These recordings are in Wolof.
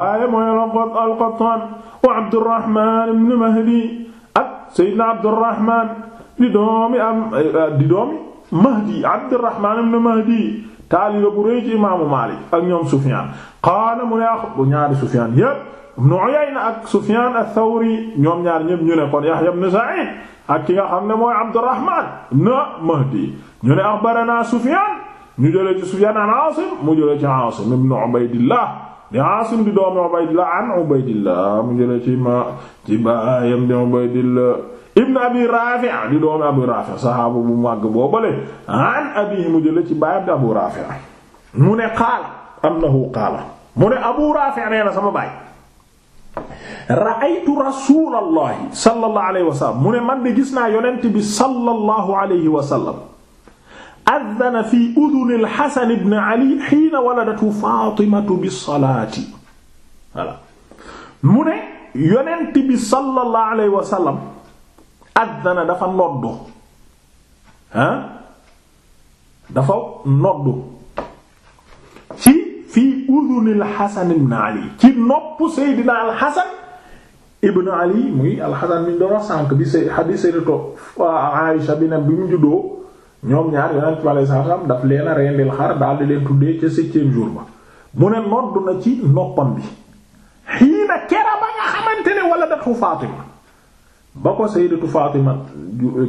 waaye mooy al-Qattaan wa Abdurrahmaan ibn Mahdi ak Seydina Abdurrahmaan di doomi am eh, di doomi Mahdi Abdurrahmaan ibn Mahdi taaliba bu rëy ci imaamu Maalik ak ñoom Sufyaan qaala mu ne bu ñaari Sufyaan yépp Ibn Uyayna ak Sufyaan ath-Thawri ñoom ñaar ñépp ñu ne kon Yahya ibn Sa'iid ak ki nga xam ne mooy Abdurrahmaan na Mahdi ñu ne axbaranaa Sufyaan ñu jëlee ci Sufyaan an Aasim mu jëlee ci Aasim ibn Ubaydillah di Aasim di doomi Ubaydillah an Ubaydillah mu jële ci ma ci baayam di Ubaydillah ibn Abi Raafi' di doomi Abu Raafi' saxaaba bu màgg boobale an abihi mu jële ci baayam di Abu Raafi' mu ne qaala annahu qaala mu ne Abu Raafi' nee na sama baay ra'aytu rasuulallahi sallallahu alayhi wa sallam mu ne man de gis naa yonent bi sallallahu alayhi wa sallam addana fi uduni al-Hasan ibn Ali hiina waladatu Faatimatu bis-salaati voilà mu ne yonent bi sallallahu alayhi wa sallam addana dafa noddu ah dafa noddu ci fii uduni al-Hasan ibn Ali ci nopp Seydina al-Hasan ibn Ali muy al-Hasan mi doon sànq bi say hadiis Sayyidatu Aisha bi ne bi mu juddoo ñoom ñaar yonent bi salaam daf leen a rendil xar daal di leen tuddee ca septième jour ba mu ne nodd na ci noppam bi xiina kera ba nga xamante ne wala datu Faatima ba ko sayyidatu Faatima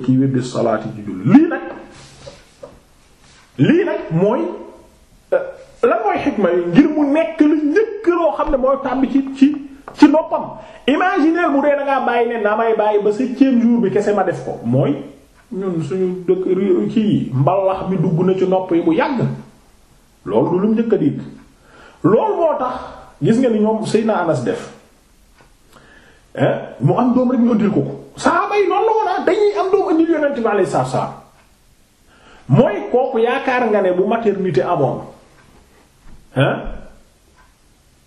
kii wébbi salaati ci julli lii nag lii nag mooy eh, lan mooy xikma yi ngir mu nekk lu njëkk xam ne boo tàbbi ci ci ci noppam imaginer bu dee da ngaa bàyyi ne naa may bàyyi ba septième jour bi kese ma def ko mooy. ñun suñu dëkk kii mbalax mi dugg na ci nopp yi bu yàgg loolu du lu mu njëkk a dégg loolu moo tax gis nga ni ñoom Seydina Anas def mu am doom rek ñu ëndil ko ko saxaaba yi noonu la woon ah, dañuy am kooku yaakaar nga ne bu maternité amoon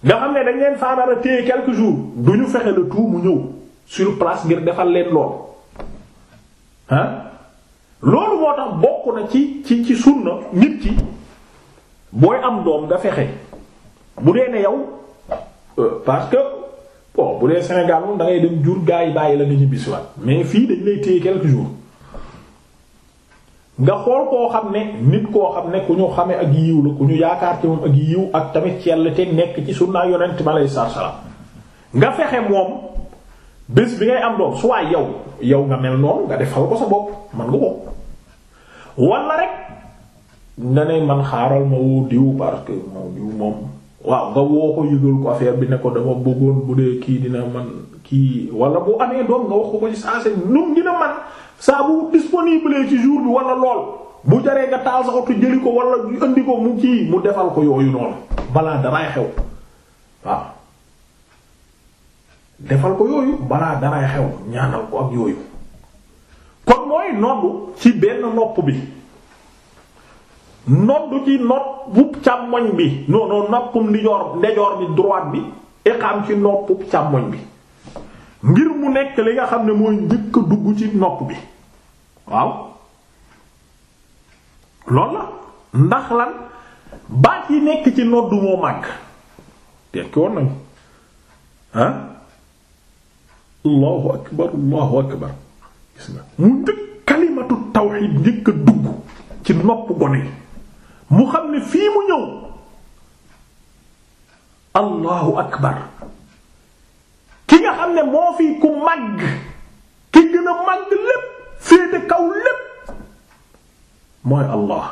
nga xam ne dañ leen faa dara téye quelques jours du ñu fexe le tout mu ñëw sur place ngir defal leen lool hein loolu moo tax bokk na ci ci ci sunna nit ki booy am doom nga fexe bu dee ne yow euh, parce que bon bu dee Sénégal moom da dem jur gaa yi bàyyi la nga ñibbisi mais fii dañ lay téye quelques jours nga xool koo xam ne nit koo xam ne ku ñu xame ak yiw la ku ñu yaakaar ci moom ak yiw ak tamit ci yàlla te nekk ci sunna yonent ma lay salaam nga fexe moom. bés bi ngay am doom soit yow yow nga mel noonu nga defal ko sa bopp man nga ko wala rek nga ne man xaaral ma woo diw parce que ma diw moom waaw nga woo ko yëgal ko affaire bi ne ko dama bëggoon bu dee kii dina man kii wala bu amee doon nga wax ko ko ci sensé num dina man saa bu disponible ci jour bi wala lool bu jaree nga taal sa oto jëli ko wala andi ko mu kii mu defal ko yooyu noonu balaa daraay xew waaw defal ko yooyu balaa dara xew ñaanal ko ak yooyu kon mooy noddu ci benn nopp bi noddu ci nopp càmmoñ bi non non noppum ndijoor ndejoor bi droite bi iqam ci nopp càmmoñ bi ngir mu nekk li nga xam ne mooy njëkk dugg ci nopp bi waaw loolu la ndax lan baat yi nekk ci noddu moo màgg tekki nañu ah allahu akbar allahu akbar gis nga mu njëkk kalimatu tawxiid njëkk a dugg ci nopp gone yi mu xam ne fii mu ñëw allahu akbar ki nga xam ne moo fi ku màgg ki gën a màgg lépp féete kaw lépp mooy allah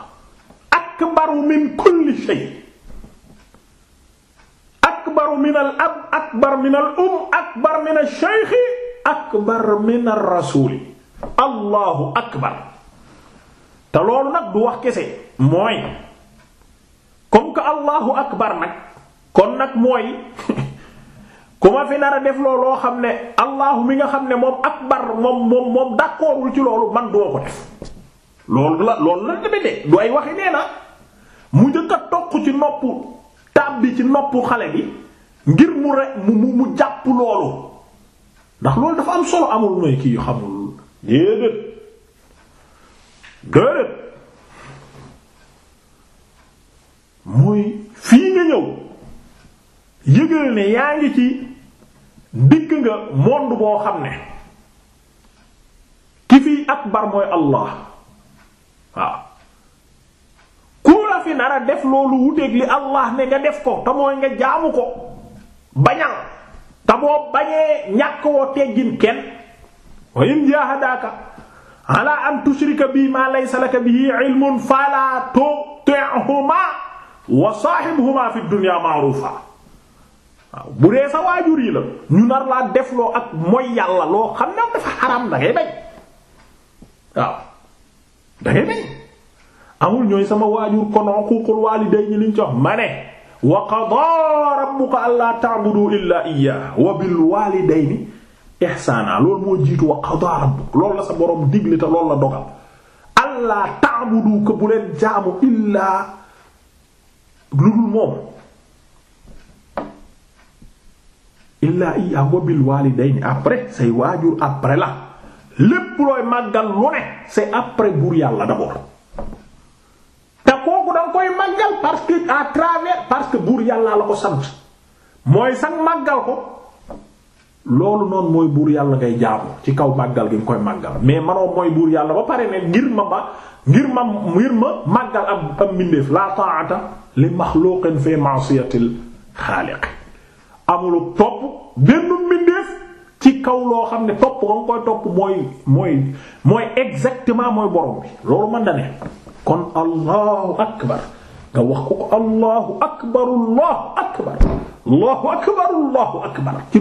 akbaru min kulli shay akbaru min al ab akbar min al um nag du wax kese mooy comme kon nag mooy ku ma fi nar loo xam ne allahu mi nga xam ne moom akbar moom moom moom ci loolu man duma ko def loolu la loolu la deme de du ay waxi nee na mu jëkk a toq ci noppu taab bi ci noppu xale bi ngir mu rek mu mu jàpp loolu ndax loolu dafa am solo amul mooy kii xamul déedéet déedéet mooy fii nga ñëw yëgal ne yaa ngi ci dikk nga monde boo xam ne ki ak akbar mooy Allah waaw ku fi nara def loolu wuteeg li Allah ne nga def ko te nga jaamu ko bañal te bañee ñàkk woo teggin kenn wa in jahadaka ala an tushrika bi ma laysa laka bihi ilmun fala tuti'huma wa sahibhuma fi dunya ma'rufa waaw bu dee sa waajur yi la ñu nar laa defloo ak mooy yàlla loo xam ne dafa xaram da bañ waaw da bañ amul ñooy sama waajur kon uququl walidayni liñ ci ne wa qadaa rabbuka allaa ta'budu illaa iyyaahu wa bil waalidayni ihsaana loolu moo jiitu wa qadaa rabbuka loolu la sa borom digle te loolu la dogal allaa ta'budu ko bu leen jaamu illaa lu dul moom illaa iyyaahu wa bil waalidayni après say waajur après la lépp looy màggal lu ne c'est après buur yàlla d'abord da nga koy màggal parce que à travers parce que buur yàllaa la ko sant mooy sax màggal ko loolu noonu mooy buur yàlla ngay jaamu ci kaw màggal gi nga koy màggal mais manoo mooy buur yàlla ba pare ne ngir ma ba ngir ma ngir ma màggal am mbindeef la ta'ata li makhluqin fi ma'siyatil xaaliq amulu topp benn mbindeef ci kaw loo xam ne topp nga koy topp mooy mooy mooy exactement mooy borom bi loolu mën na kon allahu akbar nga akbar allahu akbar allahu akbar allahu akbar ci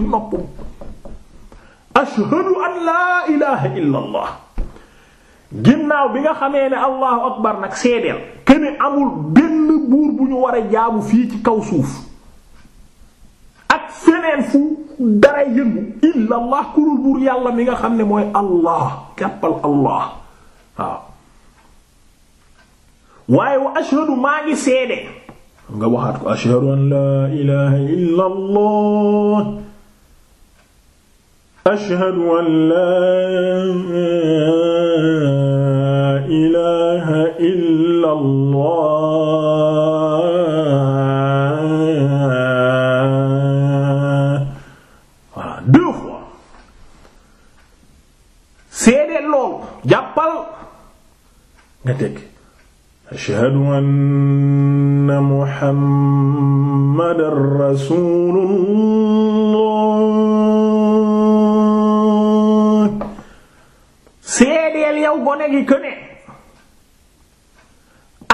an laa ilaha illa allah ginnaaw bi nga xamee ne allahu akbar nag seedeel kene amul benn buur bu ñu war a jaamu fii ci kaw suuf ak feneen fu dara yëngu illa allah kurul buur yàlla mi nga xam ne mooy allah jàppal allah waaye wa ashhadu maa seede nga waxaat ko ashhadu an laa ilaaha illa allah an laa ilaaha illa allah voilà deux fois seede loolu jàppal ashhadu anna muhammadan rasulullah seedeel yow gone gi këne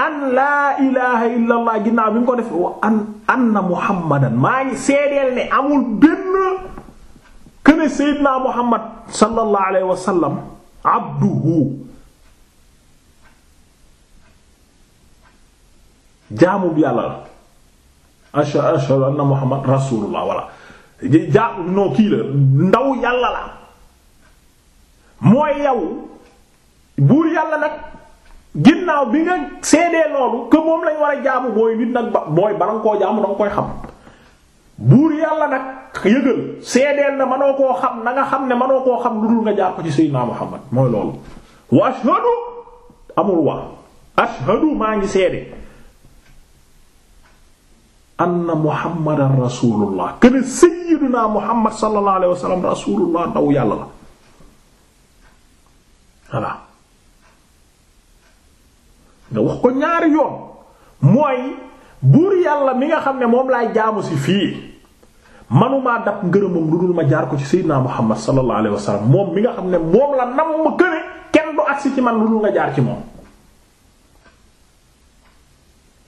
an laa ilaha illa allah ginnaaw bi mu ko def wa an anna muhammadan maa ngi seedeel ne amul benn këne seydina muhammad sallallahu alayhi wa sallam abduhu jaamub yàlla la asha ashhadu anna muhammad rasulullah walla jaam noo kii la ndaw yàlla la mooy yow buur yàlla nag ginnaaw bi nga seedee loolu que moom lañ war a jaamu mooy bala nga koo jaamu danga koy xam buur yàlla nag yëgal seedeel na manoo koo xam na nga xam ne manoo koo xam lu dul nga jàpp ci sayyidina muhammad mooy loolu wa ashhadu amul wa ashhadu maa ngi seede anna muhammadan rasulullah kene sayyiduna muhammad sallallahu alayhi wa sallam rasulullah ndaw yàlla la voilà nga wax ko ñaari yoon mooy buur yàlla mi nga xam ne moom laay jaamu si fii manumaa dab ngërëmam lu dul ma jaar ko ci sayyidina muhammad sallallahu alayhi wa sallam moom mi nga xam ne moom la nam ma kenn du agsi ci man lu dul nga jaar ci moom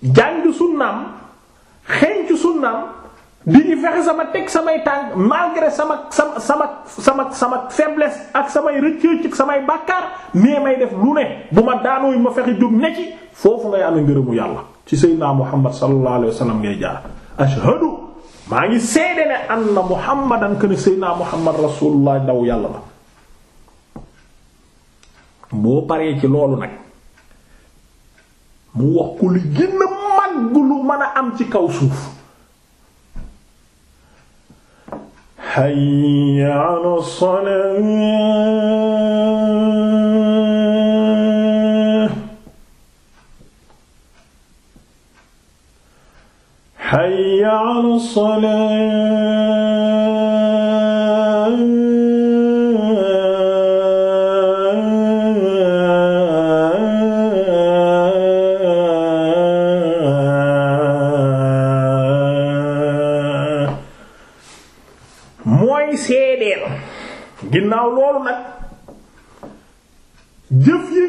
jàng sunnaam xeeñcu sunnaam di ñu fexe sama teg samay tànk malgré sama sama sama sama sama faiblesse ak samay rëcc samay bàkkaar mais may def lu ne bu ma daanooyu ma fexe jóg ne ci foofu ngay amee ngërëmu yàlla ci sayyidina muhammad sallallahu alayhi ngay jaar ashhadu maa ngi seede ne anna muhammadan kana sayyidina muhammad rasulullah ndaw yàlla la boo paree ci loolu nag mu wax ko li gën dëgg lu mën a am ci kaw suuf hayya ala salaah hayya ala salaah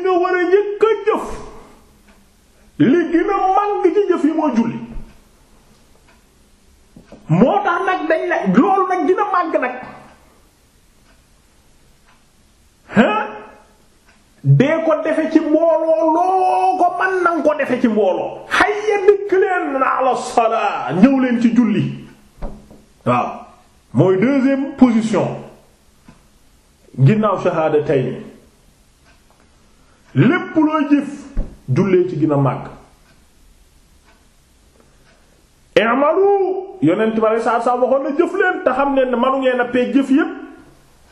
nga war a njëkk a jëf li gën a màng ci jëf yi moo julli moo tax nag dañ la loolu nag dina màgg nag hein dee ko defe ci mbooloo loo ko man nanga ko defe ci mbooloo hayya dikk leen ala ñëw leen ci julli waaw mooy deuxième position ginnaaw shahaada tey lépp looy jëf jullee ci gën a màgg yonent bi alei saatu salaam waxoon na jëf leen te xam ne manu ngeen a pee jëf yépp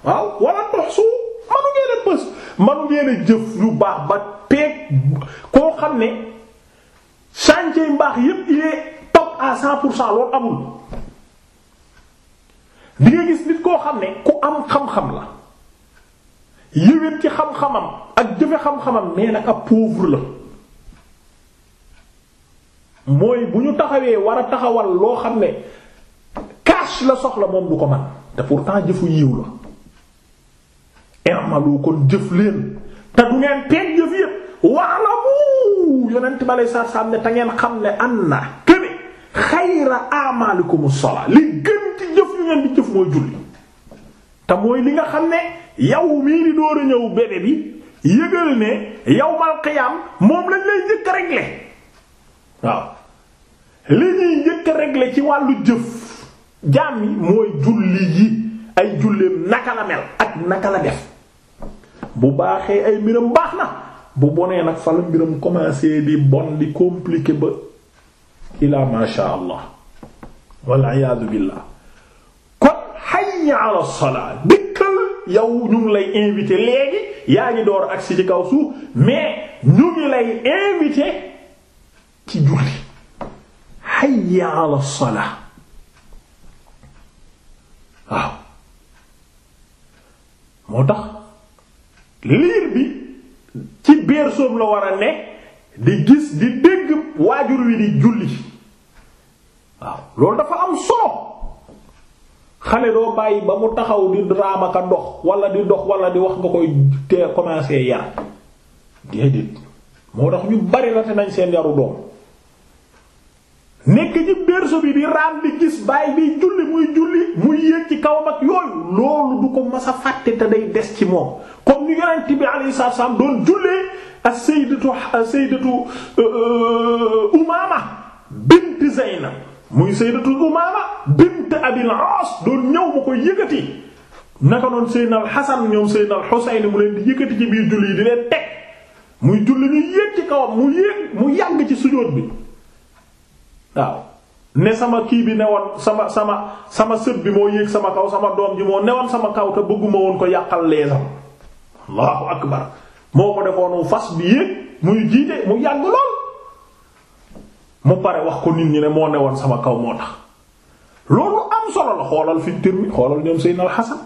waaw wala ndox su manu ngeen a bës manu ngeen a jëf lu baax ba peeg koo xam ne chantier mbaax yépp il est top à cent pour cent loolu amul di nga gis nit koo xam ne ku am xam-xam la yéwén ci xam-xamam ak jëfe xam-xamam mais nag ab pauvre la mooy bu ñu taxawee war a taxawal loo xam ne cash la soxla moom du ko man te pourtant jëfu yiw la irmalu kon jëf leen te du ngeen peeg jëf yépp waalamu yonent ba lay saar ne te ngeen xam ne an na këne xayra amaalikumu sola li gën ci jëf yu ngeen di jëf mooy julli te mooy li nga xam ne yow mii di door a ñëw bébé bi yëgal ne yawmal qiyaam moom lañ lay njëkk a waaw li ñuy njëkk a ci wàllu jëf jaam yi mooy julli yi ay julleem naka la mel ak naka la def bu baaxee ay mbiram baax na bu bonee nag fa la mbiram commencé di bon di compliqué ba ilaa ma sha allah wal iyaadu billah hayya ala salaa dikkal yow ñu ngi lay invité léegi yaa ngi door agsi ci kaw suuf mais ñu ngi lay invité ci julli hayya ala salaa waaw moo tax liir bi ci berceau la war a ne di gis di dégg waajur wi di julli waaw loolu dafa am solo xale doo bàyyi ba mu taxaw di raamaka dox wala di dox wala di wax nga koy te commencé yar déedéet moo tax ñu bari la nañ seen yaru doom nekk ci berceau bi di raam di gis bàyyi bi julli muy julli muy yéeg ci kawam ak yooyu loolu du ko mas fàtte te day des ci moom comme ñu yonent bi alayhi salaam doon jullee ak sayyidatu euh, euh, Umaama bint Zaynab muy sayyidatu Umaama bint Abil Aas doon ñëw mu ko yëkkati naka noonu sayyidna al Hasan ñoom sayyidna al Husayn mu leen di yëkkati ci biir julli yi di leen teg muy julli ñu yéeg ci kawam mu yéeg mu yàgg ci sujóot bi waaw ne sama kii bi newoon sama sama sama sët bi moo yéeg sama kaw sama doom ji moo newoon sama kaw te bëgguma woon ko yàqal leesam Allahu akbar moo ko defoonu fas bi yéeg muy jiite mu yàgg lool mu pare wax ko nit ñi ne moo newoon sama kaw moo tax loolu am solo xoolal fi Tirmidhi xoolal ñoom Seydina al Hasan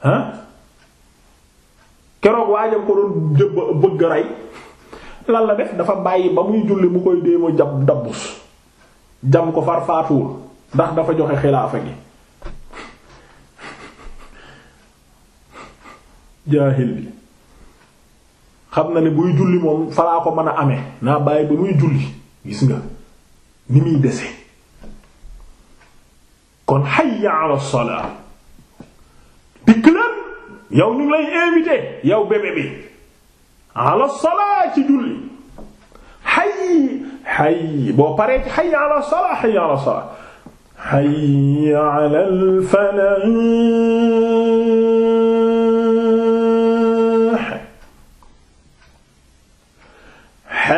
ah keroog waajam ko doon jëb bëgg rey lan la def dafa bàyyi ba muy julli mu koy dee mu dabbus jam ko far faatuwul ndax dafa joxe xilaafa gi jaahil bi xam na ne buy julli moom falaa ko mën a amee naa bàyyi ba muy julli gis nga ni muy dese kon hayya ala salaa dikk leen yow ñu ngi lay invité yow bébé bi ala salaa ci julli hayy hayy boo paree ci hayya ala salaa hayya ala salaa hayya ala al falah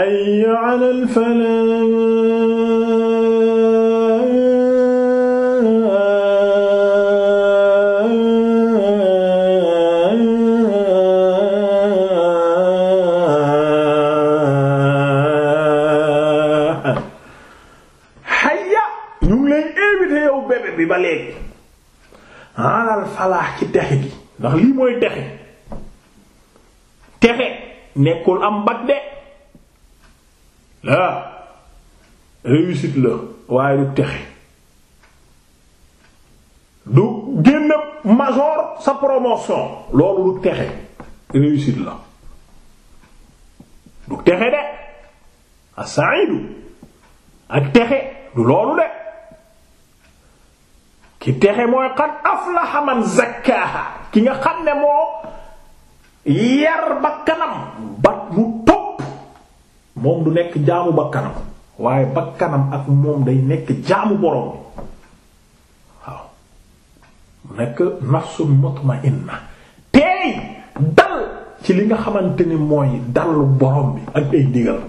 hayya alal falaax ci texe gi ndax lii mooy texe texe nekkul am bat de ah réussite la waaye du texe du génn major sa promotion loolu du texe réussite la du texe de as ak texe du loolu de ki texe mooy qad aflaha man zakkaha ki nga xam ne moo yar ba kanam bat mu moom du nekk jaamu bakkanam waaye ba kanam ak moom day nekk jaamu borom waaw nekk nafsun mutma'inna teey dal ci li nga xamante ni mooy dalu borom bi ak ay ndigal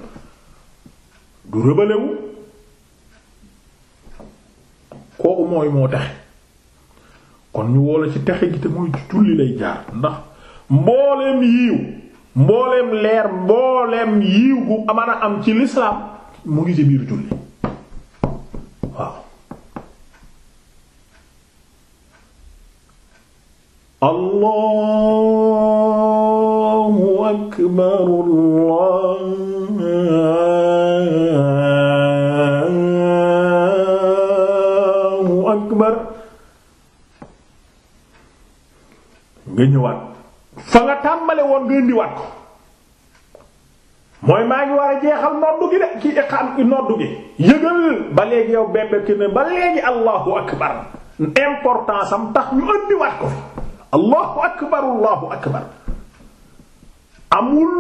du rëbalewu kooku mooy moo tax kon ñu woola ci texe gi te muy julli lay jaar ndax mbooleem yiiw mbooleem leer mboolem yiw gu mën am ci lislaam mu ngi ci biir julli waaw allahu akbar nga ñëwaat fa nga tàmbale woon nga indiwaat ko mooy maa ngi war a jeexal noddu gi de ki iqaam noddu gi yëgal ba léegi yow bembe ki ne ba léegi allahu akbar importance am tax ñu indiwaat ko fi allahu akbar akbar amul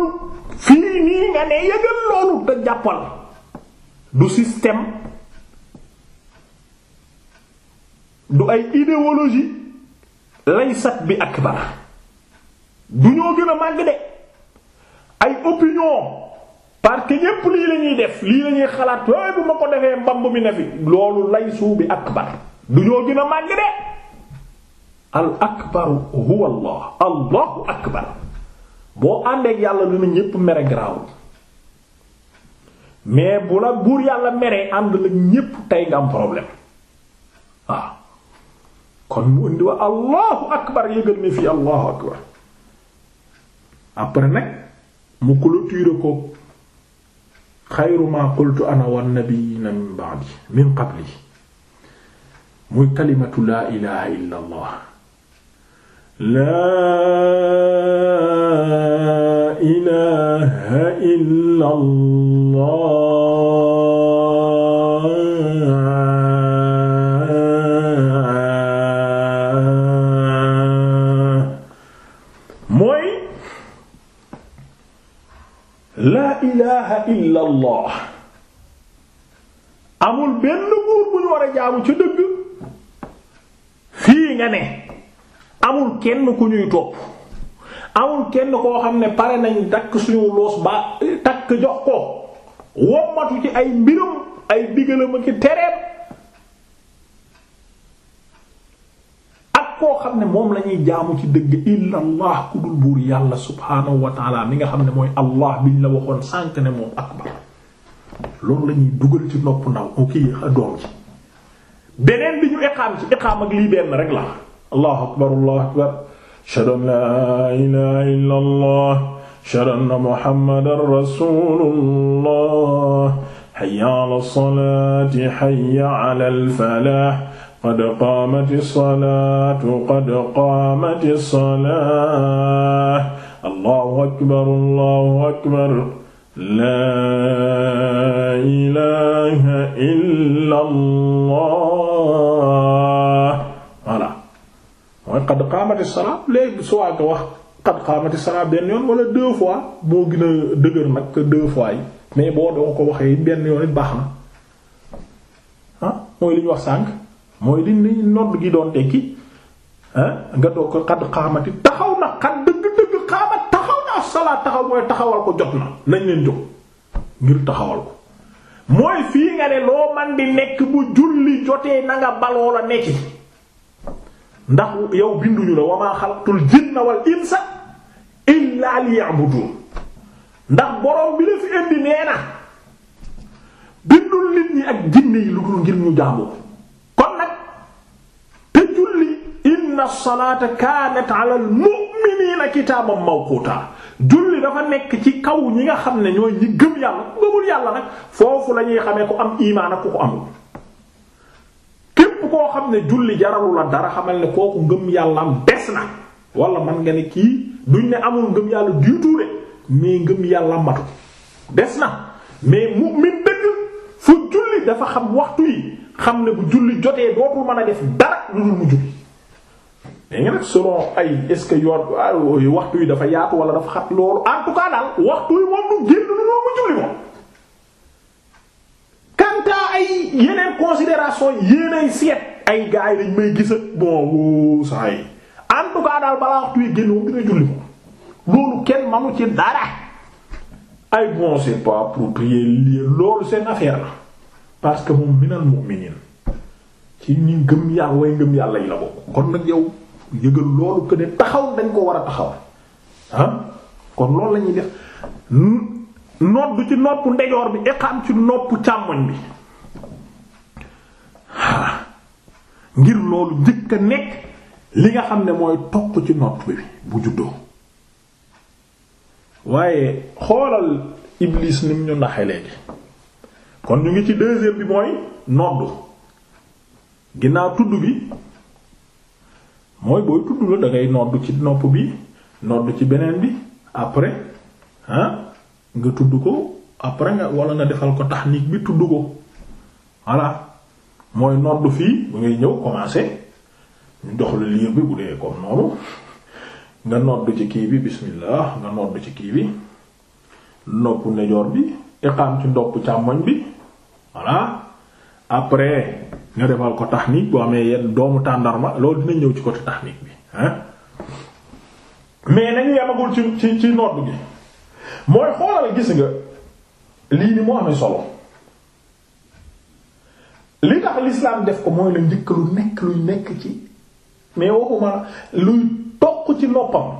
fii nii nga ne yëgal loolu da jàppal du système du ay idéologie laysat bi akbar du ñoo gën a màgg de ay opinion parce que ñépp lii lañuy def lii la ñuy xalaat waaye bu ma ko defee mbamb mi ne fi loolu lay suu bi akbar du ñoo gën a màgg de al akbaru huwa allah allahu akbar boo àndeek yàlla dina ñépp mere garaawul mais bu la buur yàlla meree ànd la ñépp tey nga am problème waaw kon mu indi allahu akbar yëgal ne fii allahu akbar après nag mu clôturer ko xayru ma qultu ana wan nabiyina min ba'di min qabli muy kalimatu laa ilaha illa allah laa ilaha illa allah kenn ku ñuy topp amul kenn koo xam ne pare nañ takk suñu loos ba takk jox ko wommatu ci ay mbiram ay digalam ak koo xam ne moom lañuy jaamu ci dëgg illa allah ku buur yàlla subhaanahu wa taala nga xam ne mooy allah biñ la waxoon sànq ne moom dugal ci nopp bi ñu la akbar ashhadu an laa ilaaha illallaah ashhadu anna muhammadan rasuulullaah hayya ala salaati hayya ala al-falaah qad qaamati salaatu qad qaamati salaah allahu akbar allahu akbar laa ilaaha illa allah mooy qad qaamati salaa léegi suwaa nga wax qad qaamati salaa benn yoon wala deux fois boo gën a dëgër nag que yi mais boo doo ko waxee benn yoon it baax na ah, mooy li wax sànq mooy li nodd gi doon tekki ah nga doog ko qad qaamati taxaw na qad dëgg-dëgg qaamat taxaw na as-salaa taxaw mooy taxawal ko jot na nañ leen jóg ngir taxawal ko. mooy fii nga ne loo man di nekk bu julli jotee na nga baloo la nekki. ndax yow binduñu la wa maa xalaqtul jinna wal insa illaa liya'budun ndax borom bi la indi nee na bindul nit ñi ak jinne yi lu dul ngir ñu jaamu kon nag te julli inna salaata kaanat ala al mu'miniina kitaaban mawquuta julli dafa nekk ci kaw ñi nga xam ne ñooy ñi gëm yàlla ku gëmul yàlla nag foofu lañuy ñuy ku am imaan ku ko amul koo xam ne julli jaralu la dara xamal ne kooku ngëm yàlla am des na wala man nga ne kii duñ ne amul ngëm yàlla du tout ngëm yàlla matu des na mais mu'min dëgg fu julli dafa xam waxtu yi xam ne bu julli jotee dootul man a def dara lu dul mu julli mais nga nag selon ay est-ce ah, waxtu yi dafa yaatu wala dafa xat loolu en daal waxtu yi moom du génn lu dul mu julli moom kantaa ay yeneen considération yéenay seet ay gars yi dañ may gisa bon woo saa yi en daal balaa waxtu génn moom dina julli ko loolu kenn manu ci dara ay bon c'est pas approprié lii loolu seen affaire la parce que moom minal mu'minin ci ñi gëm yàlla way ngëm yàlla yi la bokk kon nag yow yëgal loolu que ne taxaw dañ ko war a taxaw ah kon loolu la def. nodd ci nopp ndejoor bi iqaam ci noppu càmmoñ bi ngir loolu njëkk a nekk li nga xam ne mooy toq ci noppu bi bu juddoo waaye xoolal iblis ni mu ñu ndaxe léegi kon ñu ngi ci deuxième bi mooy nodd ginnaaw tudd bi mooy booy tudd la da nodd ci noppu bi nodd ci beneen bi après ah nga tudd ko après nga wala nga defal ko tahnik bi tudd ko voilà mooy nodd fii ba ngay ñëw commencer ñu dox la liir bi bu dee comme noonu nga nodd ci kii bi bismillah nga nodd ci kii bi nopp nejoor bi iqaam ci ndopp càmmoñ bi voilà après nga defal ko tahnik boo xamee yenn doomu tàndarma loolu dina ñëw ci côté tahnik bi mais nañu yamagul ci ci ci nodd gi mooy xoolal gis nga lii ni moo amee solo li tax l'islam def ko mooy la njëkk lu nekk luy nekk ci mais waxuma luy toq ci noppam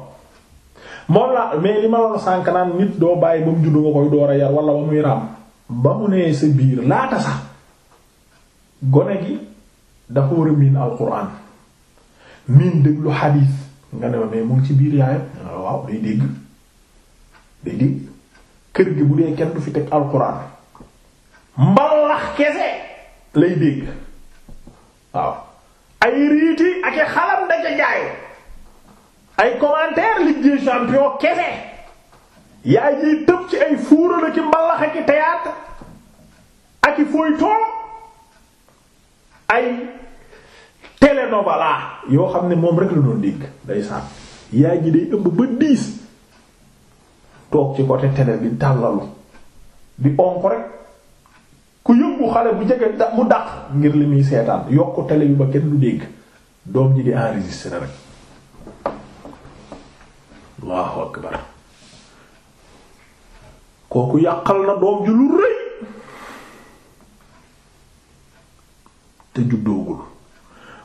moom la mais li ma loolu sànk naan nit doo bàyyi ba mu juddu nga koy door a yar wala ba raam ba mu nee sa biir laata sax gone gi dafa war a miin alquran miin déglu xadiis nga ne ma mais mu ci biir yaayam waaw day dégg léegi kër gi bu dee kenn du fi teg alxuraan mbalax kese lay dégg waaw ay riiti ak i xalam da ca ay commentaire Ligue des kese yaa ngi tëb ci ay fuura la ci mbalax ak i théâtre ak i feuilleton ay télénovela yoo xam ne moom rek la doon dégg day sànn yaa ngi day ëmb ba diis. toog ci côté télé bi tàllalu di onk rek ku yëngu xale bu jege mu daq ngir li muy seetaan yokk télé bi ba kenn du dégg doom ji di enregistrer rek yàqal na doom ji lu rëy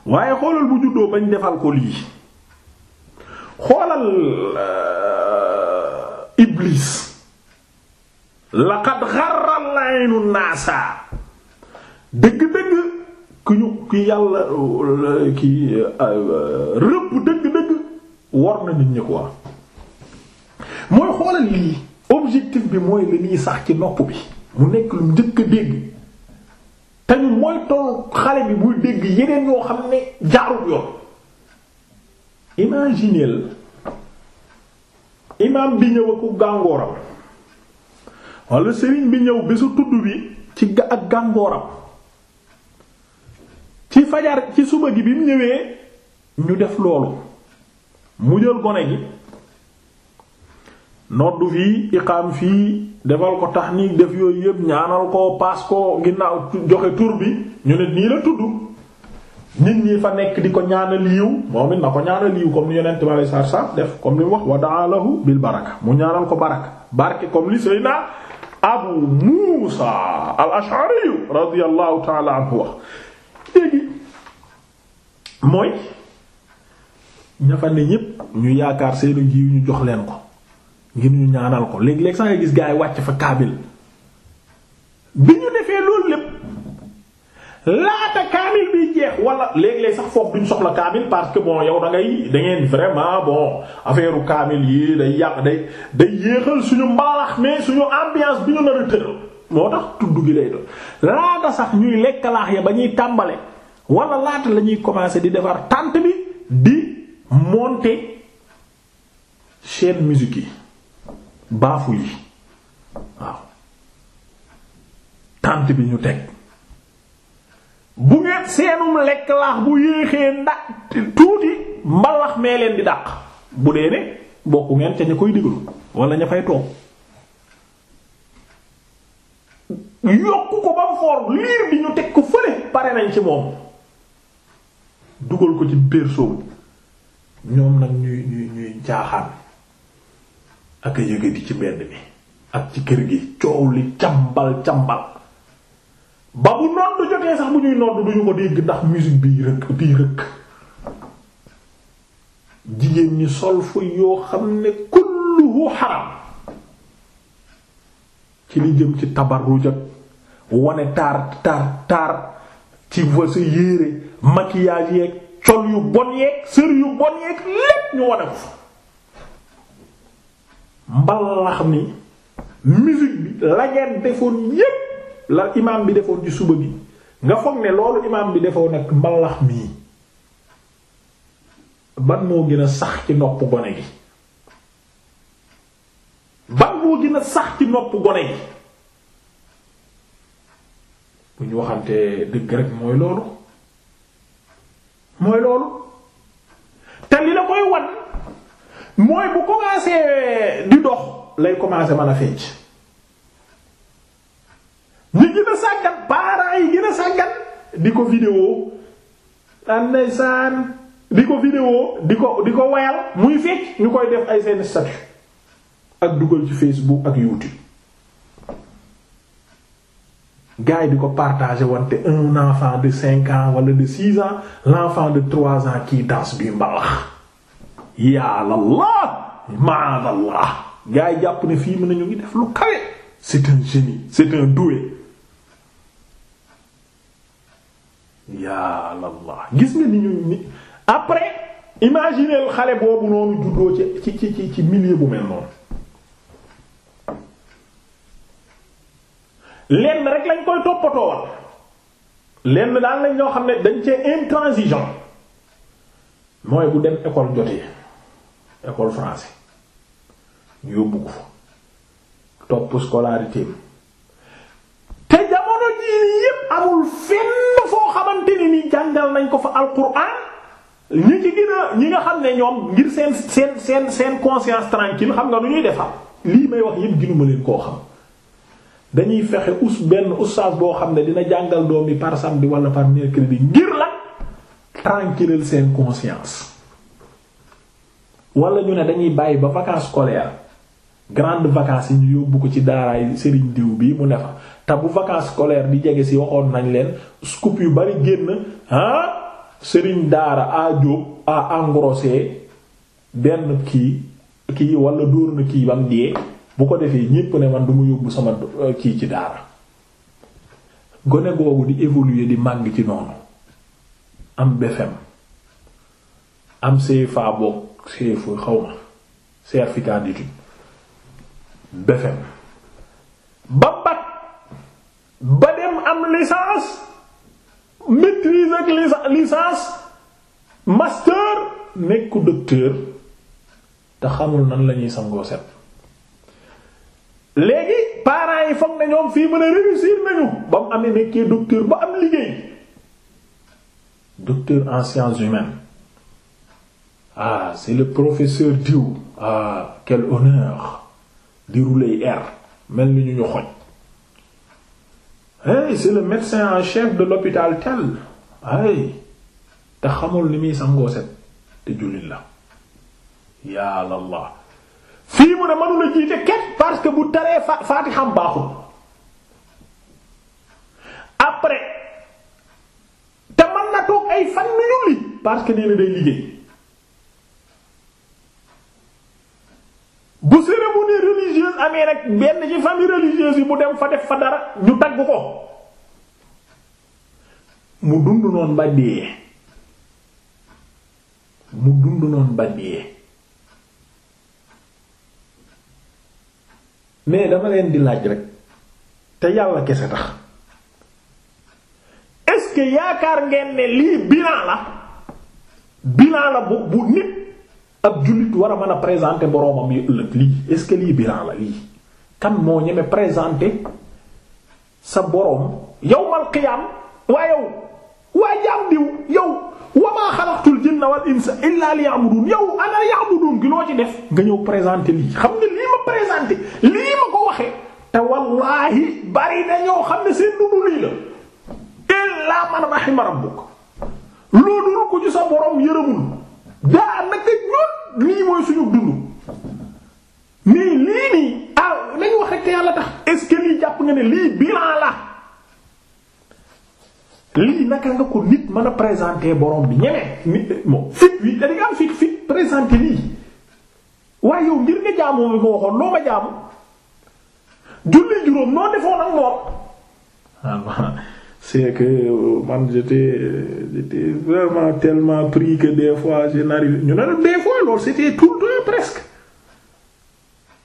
waaye xoolal bu juddoo bañ defal ko lii xoolal euh, iblis laqad xarral aynu naasa dëgg-dëgg ki yàlla ki euh, rëbb dëgg-dëgg war na nit ñi quoi mooy xoolal lii objectif bi mooy li ñuy sax ci nopp bi mu nekk lu njëkk a dégg te mooy toll xale bi buy dégg yeneen yoo xam ne jaarul yoon imagineel imaam bi ñëw aku gàngooram wala sëriñ bi ñëw bésu tudd bi ci ak gàngooram ci fajar ci suba gi bi mu ñëwee ñu def loolu mu jël gone gi noddu fii iqaam fii defal ko tax ni def yooyu yëpp ñaanal ko paas ko ginnaaw joxe tur bi ñu ne nii la tudd nit ñi fa nekk di ko ñaanal yiw moom it na ko ñaanal yiw comme ni yonent bi saa saaf def comme li mu wax wa da'alahu bil baraka mu ñaanal ko baraka barke comme li Seydina Abu Muusa al-Ash'ari radiyallahu ta'ala anhu wax léegi mooy ña fa ñépp ñu yaakaar seenu jiw ñu jox leen ko ngir ñu ñaanal ko léegi léeg sax nga gis gaa yi wàcc fa Kaabil bi ñu defee loolu lépp laata kaamil bi jeex wala léeg-léeg sax foofu duñ soxla kaamil parce que bon yow da ngay da vraiment bon affaire u kaamil yi day yàq day day yéexal suñu mbalax mais suñu ambiance bi ñu nar tëral moo tax tudd gi lay doon laata sax ñuy lekk laax ya ba ñuy tàmbale wala laata la ñuy commencer di defar tànt bi di monter chaîne musique yi baafu yi waaw tànt bi ñu teg. ngeen seenum lekk laax bu yéexee nda tuuti mbalax mee leen di dàq bu dee ne bokku ngeen ca ña koy diglu wala ña fay toog yokku ko ba mu liir bi ñu teg ko fële pare nañ ci moom dugal ko ci biir soow ñoom nag ñuy ñuy ñuy jaaxaan ak a yëgati ci mbedd mi ak ci kër gi coow li cambal cambal ba bu nodd jotee sax bu ñuy nodd duñu ko dégg ndax musique bii rëkk bii rëkk jigéen ñi sol fu yoo xam ne kulluhu xaram ci li jëm ci tabar ak wane taar taar taar ci va sa yéere maquillage yeeg col yu bon yeeg sër yu bon yeeg lépp ñu wane ko fa mbalax ni musique bi la defoon yépp la imaam bi defoon ci suba gi nga foog ne loolu imaam bi defoon nag mbalax mii ban moo gën a sax ci nopp gone gi ban moo gën a sax ci nopp gone gi bu ñu waxante dëgg rek mooy loolu mooy loolu te li la koy wan mooy bu commencé di dox lay commencé mën a fecc ñi gën a sàggan parents yi gën a sàggan di ko vidéo am nay saan di ko vidéo di ko di ko wayal muy fecc ñu koy def ay seen statut ak dugal ci Facebook ak YouTube gars di ko partage wante un enfant de cinq ans wala de six ans l'enfant de trois ans qui danse du mbalax yàllallah maadallah gars yi jàpp ne fii mën nañu ngi def lu kawe c'est un génie c'est yaa Allah gis nga ni ñu ni après imaginer xale boobu noonu juddoo ci ci ci ci milieu bu mel noonu lenn rek lañ koy toppatoo wat lenn daal lañ ñoo xam ne dañ cee intransigeant mooy bu dem école jotee école français ñu yóbbu ko topp scolarité yii yépp amul fenn foo xamante ne ni jàngal nañ ko fa alquran ñi ci gën a ñi nga xam ne ñoom ngir seen seen seen seen conscience tranquille xam nga nu ñuy defar lii may wax yépp ginuma leen koo xam dañuy fexe us benn ustaas boo xam ne dina jàngal doom yi par samedi wala par mercredi ngir la tranquille seen conscience wala ñu ne dañuy bàyyi ba vacances scolaires grande vacances yi ñu yóbbu ko ci daaraay Serigne diw bii mu ne fa te bu vacances scolaires di jege si waxoon nañ leen scoop yu bari génn ah Serigne Daara a Diop a engrossé benn kii kii wala dóor na kii bam dee bu ko defee ñépp ne man du yóbbu sama euh, kii ci daara gone googu di évoluer di màgg ci noonu am BFEM am CFA boog CFA xaw ma certificat d'études BFEM ba ba dem am licence maîtrise ak licence master nekku docteur te xamul nan la ñuy sangoo set léegi parents yi foog na ñoom fii mën a réussir nañu ba mu amee nekkee docteur ba am liggéey docteur en sciences humaines ah c'est le professeur Diou ah quel honneur déroulé R mel ni ñu ñu xoj hey c'est le médecin en chef de l'hôpital tel hey te xamul ni muy sangoo set te jullit la yàlla la fii mu ne mënula jiite kenn parce que bu taree faatixam baaxul après te mën na toog ay fan nu ñu parce que nee day liggéey amee nag benn ci famille religieuse yi mu dem fa def fa dara ñu tagg ko mu dund noonu ba dee mu dund noonu ba mais dama leen di laaj rek te yàlla kese tax est yaakaar ngeen ne lii bilan la bilan la bu bu nit ab jullit war a mën a présenter boroomam yu ëllëg lii est que lii bilan la lii kan moo ñeme présenter sa boroom yawmal qiyaam waa yow waa jaam diw yow wa maa xalaqtul jinna wal insa illaa liya'budun yow ana ya'budun gi loo ci def nga ñëw présenter lii xam ne lii ma présenter lii ma ko waxee te wallaahi bari na ñoo xam ne seen dundu lii la illaa man rahima rabbuk loolu ko ci sa boroom yërëmul daa naka ñun lii mooy suñu dund mais lii nii ah nañ wax rek yàlla tax est-ce que lii jàpp nga ne lii bilan la lii naka nga ko nit mën a présenter borom bi ñeneen nit moom fit wi da nga fit fit présenter lii waaye yow ngir nga jaamu bi ko waxoon loo ma jaamu julli juróom noo defoon ak moom ah, c'est que euh, man j'étais euh, j'étais vraiment tellement pris que des fois je n'arrive ñu ne la des fois loolu c'était tout le temps presque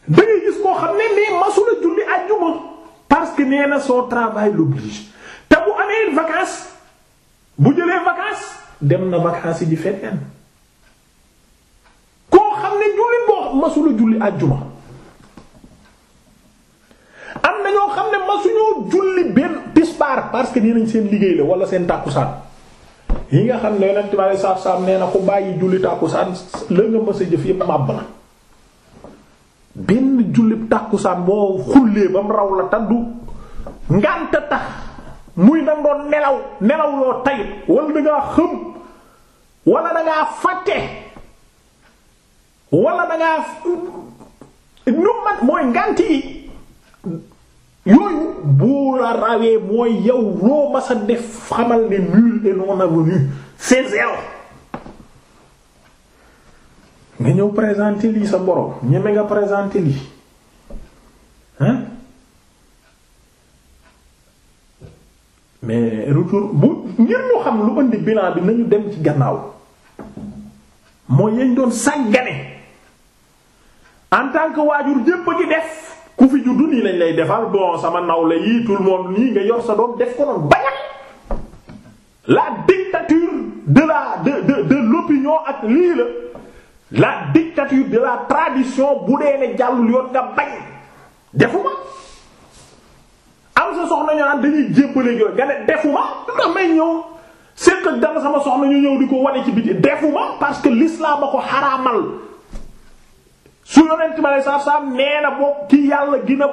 da gis koo xam ne mais masula julli àjjuma parce que nee na son travail l'oblige te bu amee vacances bu jëlee vacances dem na vacances yi di koo xam ne julli boo masula julli àjjuma part parce que nee nañ seen liggéey la wala seen tàkkusaan yi nga xam ne yonent bi alei satu nee na ku bàyyi julli tàkkusaan la nga mës a jëf yëpp màbb na benn julli tàkkusaan boo xullee ba mu raw la taddu ngànta tax muy dang doon nelaw nelaw loo tayut wala da xëm wala da ngaa fàtte wala da nu man mooy ngànt yi yooyu boo la rawee mooy yow loo masa def xamal ne nul et non avenu nga ñëw présenter lii sa borom ñeme nga présenter lii hein mais retour bu ngir ñu xam lu indi bilan bi nañu dem ci gannaaw mooy yañ doon sàggane en tant waajur jëpp a def ku fi juddu nii lañ lay defal bon sama nawle yii tout moom monde nii nga yor sa doom def ko noonu bañal la dictature de la de de l'opinion ak lii la la dictature de la tradition bu dee ne jàllul yoon nga bañ defuma am sa soxna ñu naan dañuy jébbale jooy nga ne defuma ndax may ñëw c'est que dama sama soxna ñu ñëw di ko wane ci biti defuma parce que l'islam a ko xaraamal su yonent ma lay saaf saaf nee na boo ki yàlla gina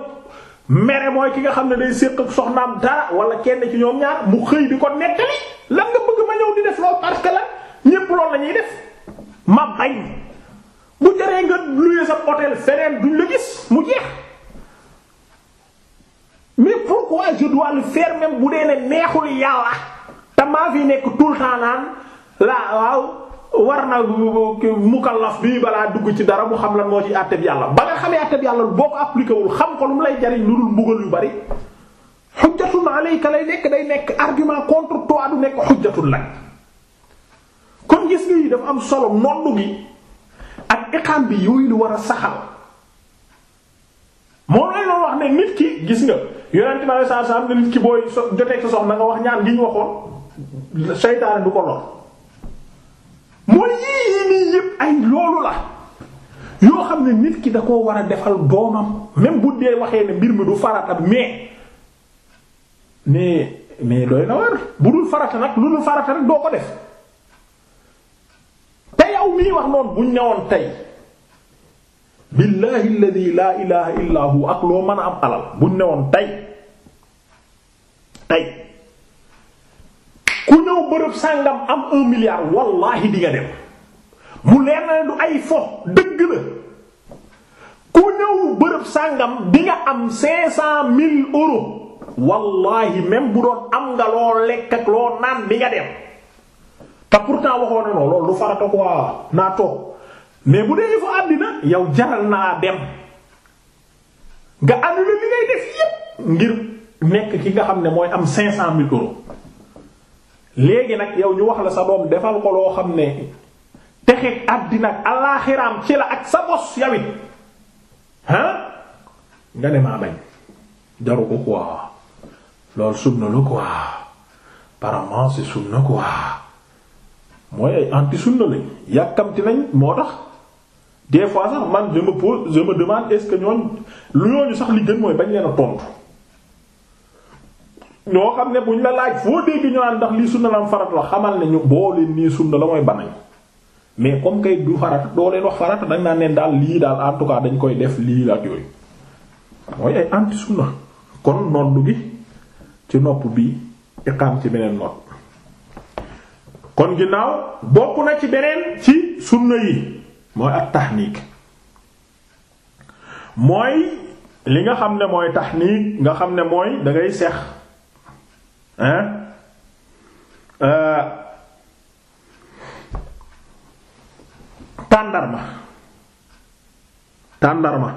mere mooy ki nga xam ne day séq ak soxnaam dara wala kenn ci ñoom ñaar mu xëy di ko nettali lan nga bëgg ma ñëw di def loolu parce que la ñépp loolu la def ma bañ bu jëree nga louer sa hôtel feneen duñ la gis mu jeex mais pourquoi je dois le faire bu dee ne neexul yàlla te maa fi nekk tout le temps naan waaw. war mu mukallaf bii balaa dugg ci dara mu xam lan moo ci àtteb yàlla ba nga xamee àtteb yàlla boo ko appliqué xam ko lu mu lay jariñ lu dul mbugal yu bari xujjatun alayka lay nekk day nekk argument contre toi du nekk xujjatun lak kon gis nga yi dafa am solo noddu gi ak iqam bi yooyu lu war a saxal moo lay loolu wax ne nit ki gis nga yonent ma sallallahu alayhi wasallam nit ki booy jotee sa soxna nga wax ñaan gi ñu waxoon seytaane du ko mooy yii nii yëpp ay loolu la yoo xam ne nit ki da koo war a defal doomam même bu dee waxee ne mbir mi du farata mais mais mais doy na war bu dul farata nag lu dul farata nag doo ko def te yow mii wax noonu buñ newoon tey billahi alladhi laa ilaha illa hu ak loo mën a am alal buñ newoon tey tey ku ñëw bërëb sàngam am un milliard wallahi di dem mu leer na du ay fo dëgg la ku ñëw bërëb sàngam di nga am cinq cent mille euros wallahi même bu doon am nga loo lekk ak loo naan di nga dem te pourtant waxoon na non loolu lu farata quoi naa toog mais bu dee fa àddina yow jaral naa dem nga àdduna li ngay def yépp ngir nekk ki nga xam ne mooy am cinq cent mille euros. léegi nag yow ñu wax la sa doom defal ko loo xam ne texeeg àddina ak alaaxiraam ci la ak sa bos yawit ah nga ne bañ jaru ko quoi loolu sub na lu quoi apparemment c'est sub na quoi mooy ay anti sunna lañ yàkkamti nañ moo tax des fois sax man je me pose je me lu ñooñu sax li gën mooy bañ leen a tontu ñoo xam ne buñ la laaj foo dégg ñu laa ndax lii sunna la am farat la xamal ne ñu boo leen nii sunna la mooy banañ mais comme kay du farata doo leen wax farata dañ naan leen daal lii daal en tout cas dañ koy def lii ak yooyu mooy ay anti sunna nopp bi iqaam ci kon ginnaaw bokk na ci beneen ci sunna yi mooy ak li nga xam ne mooy tahnik nga xam ne mooy da ngay sex Euh, tàndarma tàndarma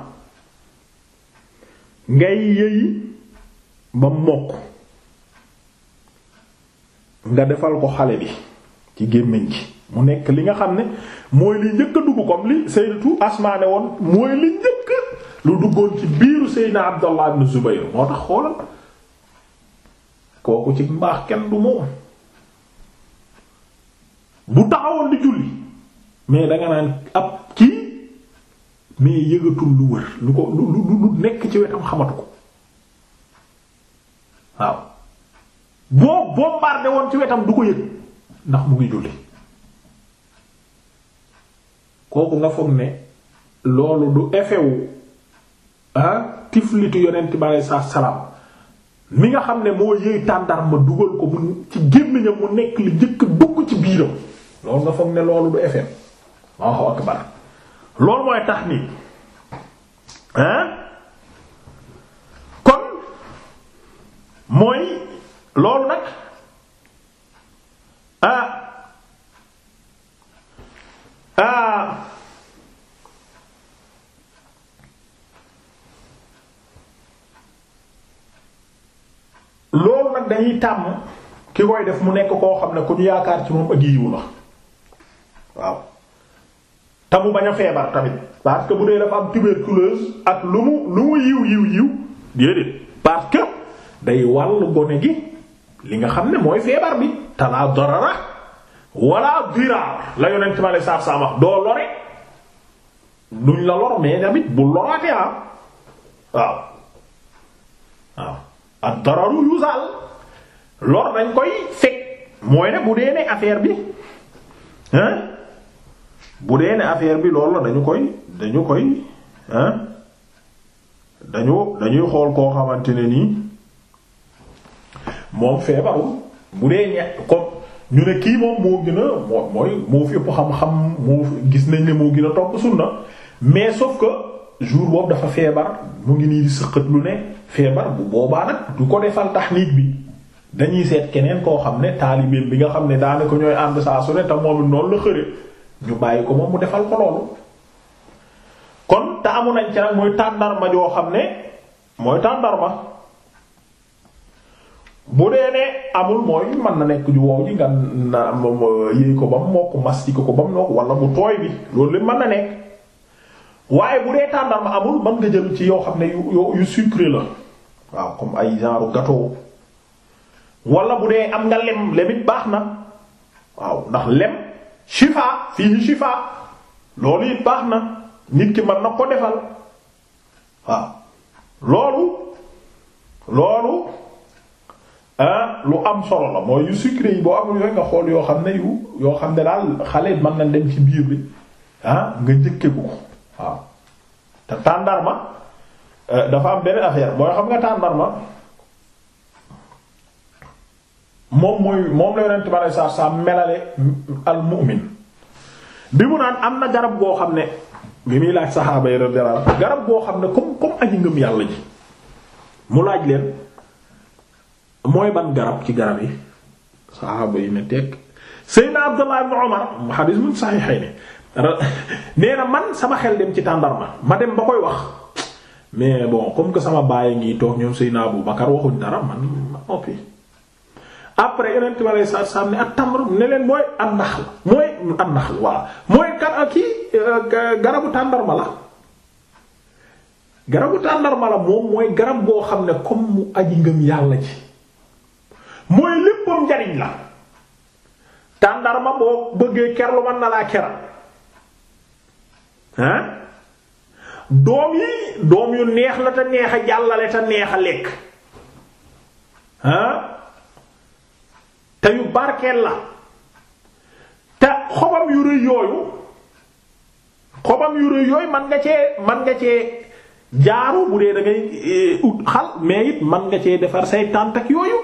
ngay yëy ba mokk nga defal ko xale bi ci gémmiñ gi mu nekk li nga xam ne mooy li njëkk a dugg li Sayyidatu Asmaa ne woon mooy li njëkk lu duggoon ci biiru Sayyidina Abdallah ibn Zubayr moo tax xoolal kooku ci mbaax kenn du moom bu taxawoon di julli mais danga naan ab kii mais yëgatul lu wër lu ko lu lu lu nekk ci wetam xamatu ko waaw boo bombardé woon ci wetam du ko yëg ndax mu ngi julli kooku nga foog ne loolu du effet ah, tiflitu yonent bi aleyhi salaam mi nga xam ne moo yëy tàndar ma dugal ko mu ci gémmiñam mu nekk li njëkk dugg ci biiram loolu nga foog ne loolu du FM waaw akbar loolu mooy tax ni hein kon mooy loolu nag ah ah nag dañuy tàmm ki koy def mu nekk koo xam ne ko ñu yaakaar ci moom ak yiwu la waaw te bañ a feebar tamit parce que bu dee dafa am tuberculose ak lu mu lu mu yiw yiw yiw déedéet parce que day wàll gone gi li nga xam ne mooy feebar bi te laa darara wala diraar la yonent ma le saa wax doo lore duñ la lor mais tamit bu loraatee ah waaw waaw ad dararu yuzaal lor dañ koy fekk mooy ne bu dee ne affaire bi hein bu dee ne affaire bi lool la dañu koy dañu koy hein dañu dañuy xool koo xamante ne nii moom feebarul bu dee ñe- comme ñu ne kii moom moo gën moo mooy moo fi xam-xam moo gis nañ ne moo gën a topp sunna mais sauf que jour boobu dafa feebar mu ngi nii di sëqat lu ne feebar bu boobaa nag du ko defal taxniit bi dañuy seet keneen koo xam ne taalibeem bi nga xam ne daanaka ñooy ànd saa su ne te moom noonu la xëre ñu bàyyi ko moom mu defal ko loolu kon te amu nañ ci nag mooy tàndarma joo xam ne mooy tàndarma bu dee ne mën na nekk ju wow euh, yéey ko ba mu mokk mastiqué ko ba mu nokk wala bu tooy bi loolu mën na nekk waaye bu dee tàndarma amul man nga jël ci yoo xam ne yu yu sucré la waaw comme ay genre gâteau. wala bu dee am nga lem lemit baax na waaw ndax lem shifa fii shifa loolu it baax na nit ki mën na ko defal waaw loolu loolu ah, lu am solo la mooy yu sucré yi boo amul yooyu nga xool yoo xam ne yoo xam ne daal xale man na dem ci biir bi ah nga njëkke ko waaw te tàndarma eh, dafa am beneen affaire mooy xam nga tàndarma moom mooy moom la yonent bi al mu'min bi mu naan am na garab boo xam ne bi muy laaj saxaaba yi radiyallahu garab goo xam ne comme comme aji ngëm yàlla ji mu laaj leen mooy ban garab ci garab yi saxaaba yi ne teg Seydina Abdullah ibn Umar mu xadiis mu saxiixay ne nee na man sama xel dem ci tàndarma ma dem ba koy wax mais bon comme que sama baay ngi toog ñoom Seydina Abu Bakar waxuñ dara man ma noppi après yonent bi alayhi salaatu salaam ne at-tamr mooy an-naxl mooy an la mooy euh, garab boo xam ne comme mu aji ngëm yàlla ji mooy léppam njariñ la tàndarma boo bëggee kerlu mën na laa keral ah doom yi doom yu neex la te neex a jàllale te neex lekk ah te yu barkeel la te xobam yu rëy yooyu xobam yu rëy yooyu man nga cee man nga cee jaaru bu dee da eh, ut xal mais it man nga cee defar say tànt ak yooyu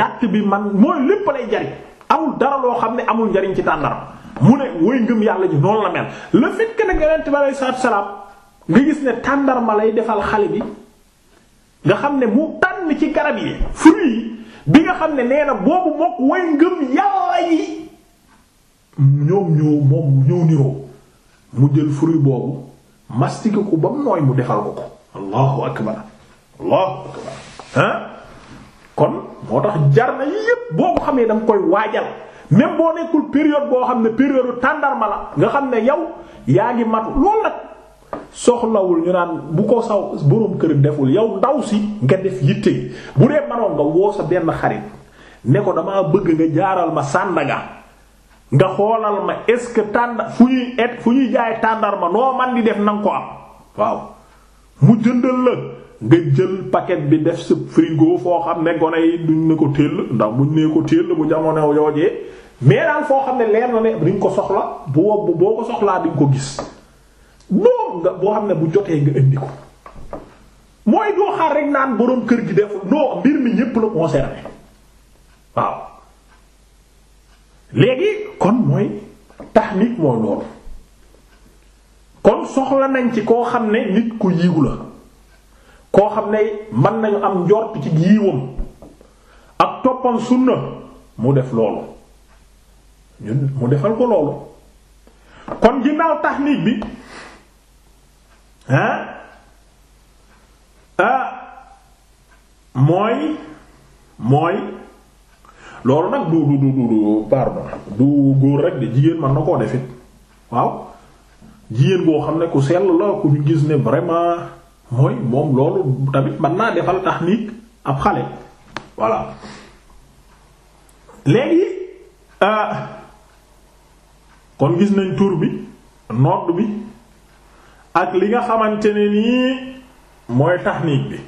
dàtt bi man mooy lépp lay jariñ amul dara loo xam ne amul njariñ ci tàndar mu ne woy ngëm yàlla ji noonu la mel le fait que nag yonent bi aleyhi salaatu salaam nga gis ne tàndarma lay defal xale bi nga xam ne mu tànn ci garab yi fruits yi bi nga xam ne nee na boobu mook way ngëm yàlla yi ñoom ñoo moom ñoo niroo mu jël fruit boobu mastiqué ko ba mu nooy mu defal ko ko allahu akbar allahu akbar ah kon moo tax jar na yépp boo ko xamee da nga koy waajal même boo nekkul période boo xam ne période tàndarma la nga xam ne yow yaa ngi matu loolu nag soxlawul ñu naan bu ko saw boroom kër deful yow ndaw si nga def yitte bu dee manoon nga woo sa benn xarit ne ko damaa bëgg nga jaaral ma sàndaga nga xoolal ma est-ce que tànda fu ñuy et fu ñuy jaay ma noo man di def nan ko am waaw mu jëndal la nga jël paquet bi def sa frigo foo xam ne gone yi duñ ne ko téll ndax buñ nee ko téll bu jamono yoojee mais daal foo xam ne leer na ne duñ ko soxla bu boo ko soxlaa duñ ko gis noom nga boo xam ne bu jotee nga indi ko mooy doo xaar rek naan boroom kër gi def non mbir mi ñépp la concerné waaw léegi kon mooy tax nit mooy loolu kon soxla nañ ci koo xam ne nit ku yiiwu la koo xam ne mën nañu am njort ci yiiwam ak toppam sunna mu def loolu mu defal ko loolu kon ginnaaw tax nit bi hein ah mooy mooy loolu nag du du du du pardon du góor rek de jigéen man na koo defit waaw jigéen boo xam ne ku sell la ku ñu gis ne vraiment mooy moom loolu tamit man naa defal tax nit ab xale voilà léegi ah, kon gis nañ tur bi nodd bi ak li nga xamante ne nii mooy tahnik bi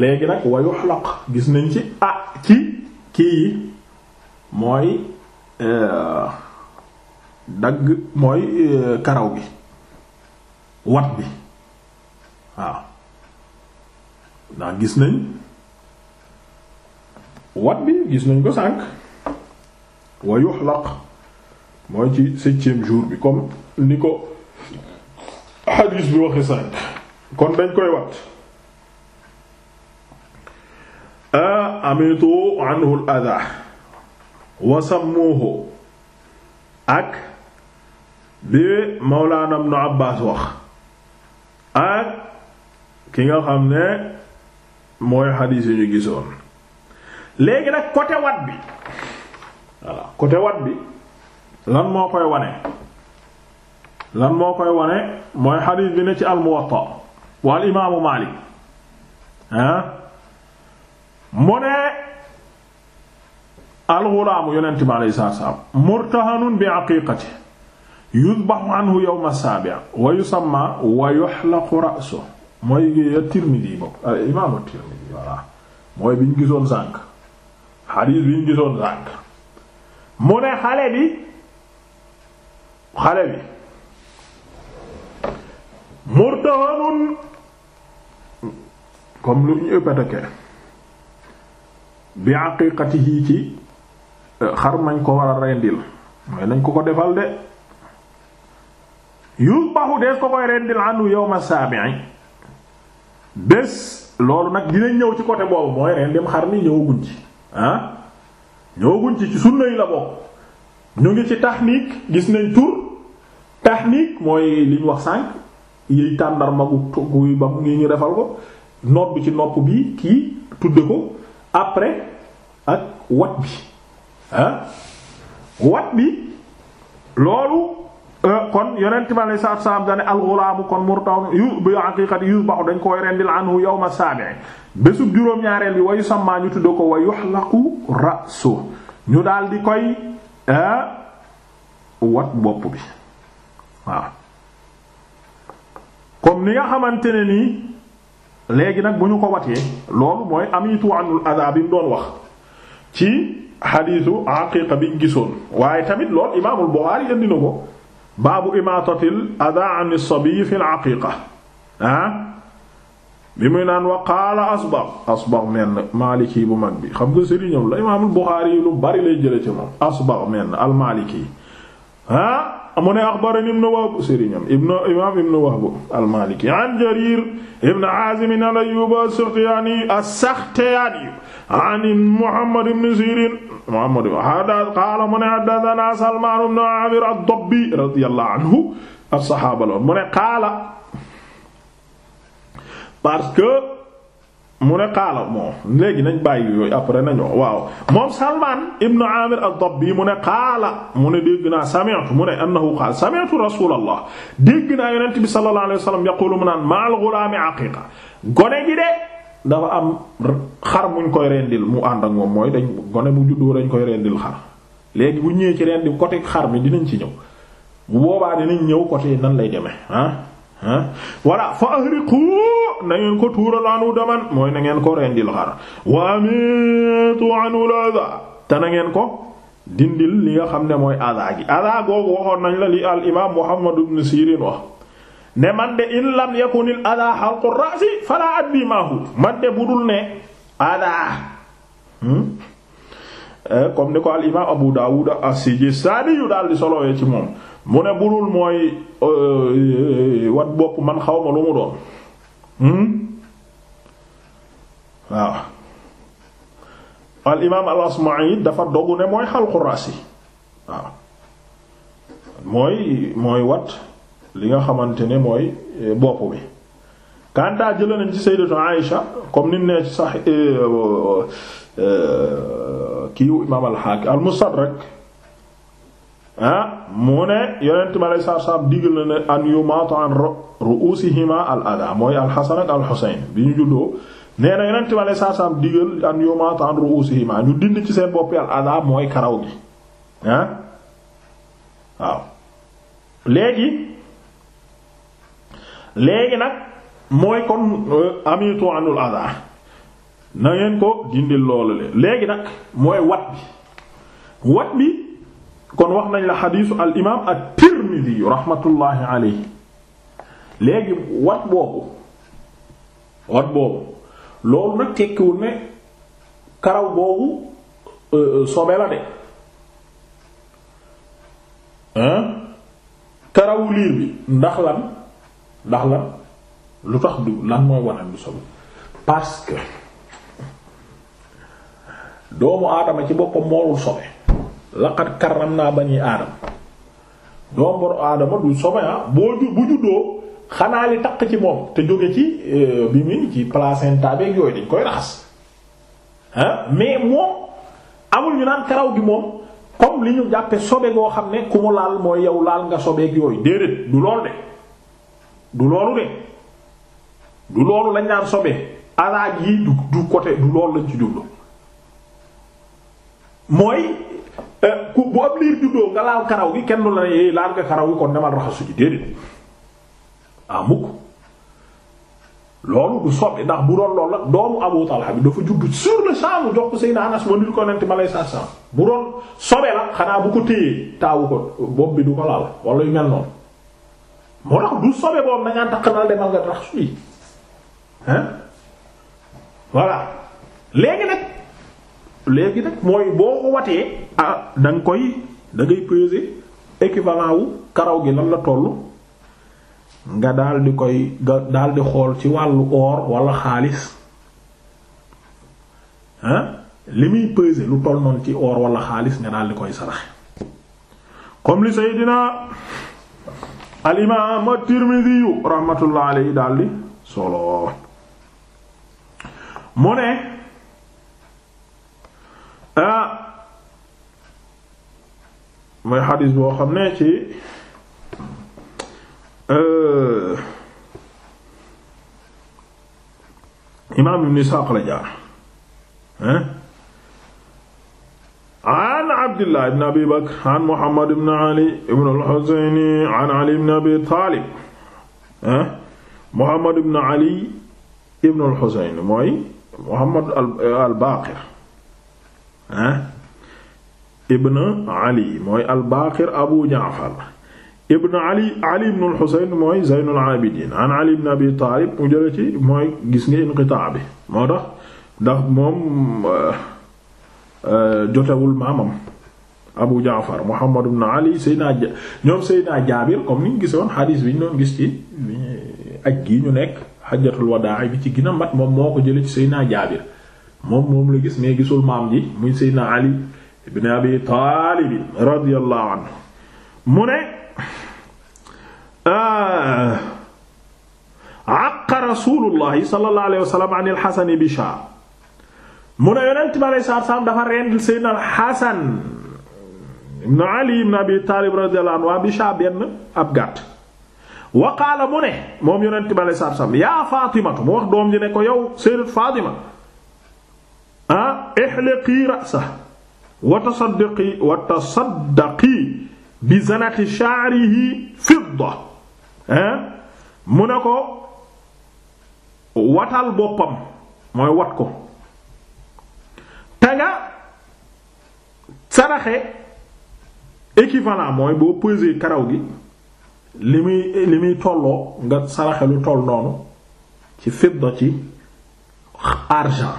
léegi nag wa yuhlaq gis nañ ci ah ci kii mooy euh, dagg mooy euh, karaw bi wat bi waaw ndax gis nañ wat bi gis nañ ko sànq wa yuhlaq mooy ci septième jour bi comme ni ko xadiis bi waxi sànk kon dañ koy wat a amitu anhu al ak bi mawlaana ibnu Abbaas wax ak ki nga xam ne mooy xadiis yi ñu gisoon léegi nag côté bi voilà bi lan moo koy wane lan moo koy wone mooy xadiis bi ci almuwatta wal imaamu maalik ah mu ne alxulaamu yonent bi alayhi salaatu salaam murtahanun bi aqiiqati yudbahu anhu yawma saabi' wa yusamma wa yuhlaqu ra'su mooy Tirmidi bokk al ah, imaamu mooy bi ñu gisoon sànk xadiis bi ñu gisoon sànk mu ne xale bi xale murtahanun comme lu ñu ëppatake bi aqiqatihi ci euh, xar mañ ko war a rendil mooy nañ ko ko defal de yuzbahu dees ko koy rendil anu yawma sabi'i bés loolu nag dinañ ñëw ci côté boobu mooy rendim xar ni ñëwaguñ ci ah ñëwaguñ ci ci sunna la bokk ñu ngi ci tahnik gis nañ tur tahnik mooy liñ wax sànq yëy tàndarma gu ba mu ngi ñu defal ko nodd ci nopp bi kii tudd ko après ak wat bi ah wat bi loolu euh, kon yonent bi alei saatu salaam dane alxulaamu kon murtaw yu bi haqiqati yusbahu dañ koy rendil anhu yawma sabi'i bésub juróom-ñaareel bi wayu sammaa ñu tudde ko wa yuhlaqu ra'su ñu daal di koy euh, wat bopp bi waaw comme ni nga xamante ne nii léegi nag bu ñu ko watee loolu mooy amitu anul adha bi mu doon wax ci xadiisu aqiqa bi gisoon waaye tamit loolu imaamul Buxaari indi na ko baabu imaatatil adha an as-sabi fil aqiqa ah bi muy naan wa qaala asbax asbax menn maaliki bu mag bi xam nga sëriñam la imaamul Buxaari yi lu bari lay jële ci moom asbax menn al maaliki ah Ah, mu ne axbarani ibnu Wahb sëriñam ibnu imaam ibnu Wahb al-Maliki an Jarir ibnu Aazim an Ayyuub as-Saxtiyaani as-Saxtiyaani an Muhammad ibnu Siriin Muhammad qaala mu ne haddathanaa Salmaan ibnu Aamir ad-Dabbi radiyallahu anhu as-saxaaba la mu ne qaala parce que mu ne qaala moom léegi nañ bàyyi yooyu après nañu waaw moom Salman ibn Amir ad-Dabbi mu ne qaala mu ne dégg naa sami'tu mu ne annahu qaala sami'tu rasulallah dégg naa yonent bi sallallahu alayhi wa sallam yaqulu mu naan ma'al ghulaami aqiqa gone gi de dafa am xar muñ koy rendil mu ànd ak moom mooy dañ gone bu juddoo koy rendil xar léegi bu ñëwee ci rendi côté xar mi dinañ ci ñëw bu boobaa dinañ ñëw côté nan lay demee ah. voilà fa ahriqu na ngeen ko tuural anu daman mooy na ngeen ko rendil xar wa amitu anhu lada te na ngeen ko dindil li nga xam ne mooy ada gi ada googu waxoon nañ la li al imam Muhammad ibn Sirin wax ne man de in lam yakunil ada halqu ra'si fala addi maahu man de budul ne ada hmm? Eh, comme ni ko al imaam Abu Dawud as-Sijistaani yu daal di solowee ci moom mu ne burul mooy eh, wat bopp man xawma lu mu doon hmm? waaw al imaam al Asma'i dafa dogu ne mooy xalqu raas yi waaw mooy mooy wat li nga xamante ne mooy eh, bopp bi kantaa jëla nañ ci sayyidatu Aïsha comme nit nee sax kiiw imaam alxaaki almustadrak ah mu ne yonent ma lay saab na ne an an ru'uusihima al adaa mooy alxasan alxuseyn bi ñu juddoo nee na yonent ma lay saab saab an yumaatu ñu dind ci seen boppi al mooy karaw gi ah, waaw léegi léegi nag mooy kon euh, amitu anul adaa na ngeen ko dindil loolu le léegi nag mooy wat bi wat bi kon wax nañ la xadiisu al imaam at-Tirmidhi rahmatullahi alayhi léegi wat boobu wat boobu loolu nag tekkiwul ne karaw boobu euh, euh, sobe la de karawu liir bi ndax lan ndax lan lu tax du lan mooy wanam bi sobe parce doomu aadama ci boppam moolul sobe laqad karramna bani aadama doomu boru aadama du sobe ah. boo ju bu juddoo xanaa li takk ci moom te jóge ci euh, bi muy ci placenta beeg yooyu dañ koy raxas mais moom amul ñu naan karaw gi moom comme li ñu jàppe sobe goo xam ne ku mu laal mooy yow laal nga sobeeg yooyu déedéet du loolu de du loolu de du loolu lañ naan sobe alaaj yi du du côté du loolu lañ ci jublu mooy euh, ku bu am liir juddoo nga laal karaw gi kenn du la ne laal nga karaw gi kon demal raxasu ji déedéet ah mukk loolu du sobe ndax bu doon loolu la doomu Abu Talha bi dafa juddu sur le champ mu jox ko Seydina Anas ma nil ko nent ma lay sa sam bu doon sobe la xanaa bu ko téyee taawu ko bopp bi du ko laal wala yu mel noonu moo tax du sobe boobu nangaan tax xanaa demal nga raxasu ji hein voilà léegi nag léegi nag mooy boo ko watee ah koy dangay ngay peser équivalent karaw gi lan la toll nga daal di koy nga daal di xool ci wàllu or wala xaalis ah li muy peser lu toll noonu ci or wala xaalis nga daal di koy saraxe comme li Seydina al imaam at-Tirmidhi rahmatullah alayhi daal di solo mu ne. ah mooy xadis boo xam ne ci euh, imaam ibn Isaaq la jaar an Abdullah ibn Abi Bakr an Muhammad ibn Ali ibn al-Husayni an Ali ibn Abi Taalib Muhammad ibn Ali ibn al-Husayni mooy Muhammad al-Baaqir ah ibn ali mooy al abu Ja'far ibn ali ali ibn al-Husayn mooy Zaynul Abidin an ali ibn abi Talib mu jële ci mooy gis nga inqitaa bi moo tax ndax moom euh, euh, jotewul maamam abu Ja'far Muhammad ibn ali Seydina ñoom Seydina Jaabir comme ni ñu gisoon xadiis bi ñu doon gis ci aj gi ñu nekk xajjatul wadaa bi ci gina mat moom moo ko jële ci Seydina Jaabir moom moom la gis mais gisul maam ji muy seydna ali ibn abi taalib radiyallahu anhu mu ne àqa ah, rasulullahi sallallahu alayhi wa sallam an alxasani bi shaar mu ne yonent bi alayhi salaatu salaam dafa rendil seydna alxasan ibn ali ibn abi taalib radiyallahu anhu waa bi shaar benn ab gàtt wa qaala mu ne moom yonent bi alayhi salaatu salaam yaa faatimatu mu wax doom ji ne ko yow sayyidat faatima ah ihliqi ra'sa wa tasaddaqi bi zanati sha'rihi fidda ah mu ne ko watal boppam mooy wat ko tanga saraxe équivalent mooy boo peser karaw gi li muy li muy tolloo nga saraxe lu toll noonu ci fidda ci argent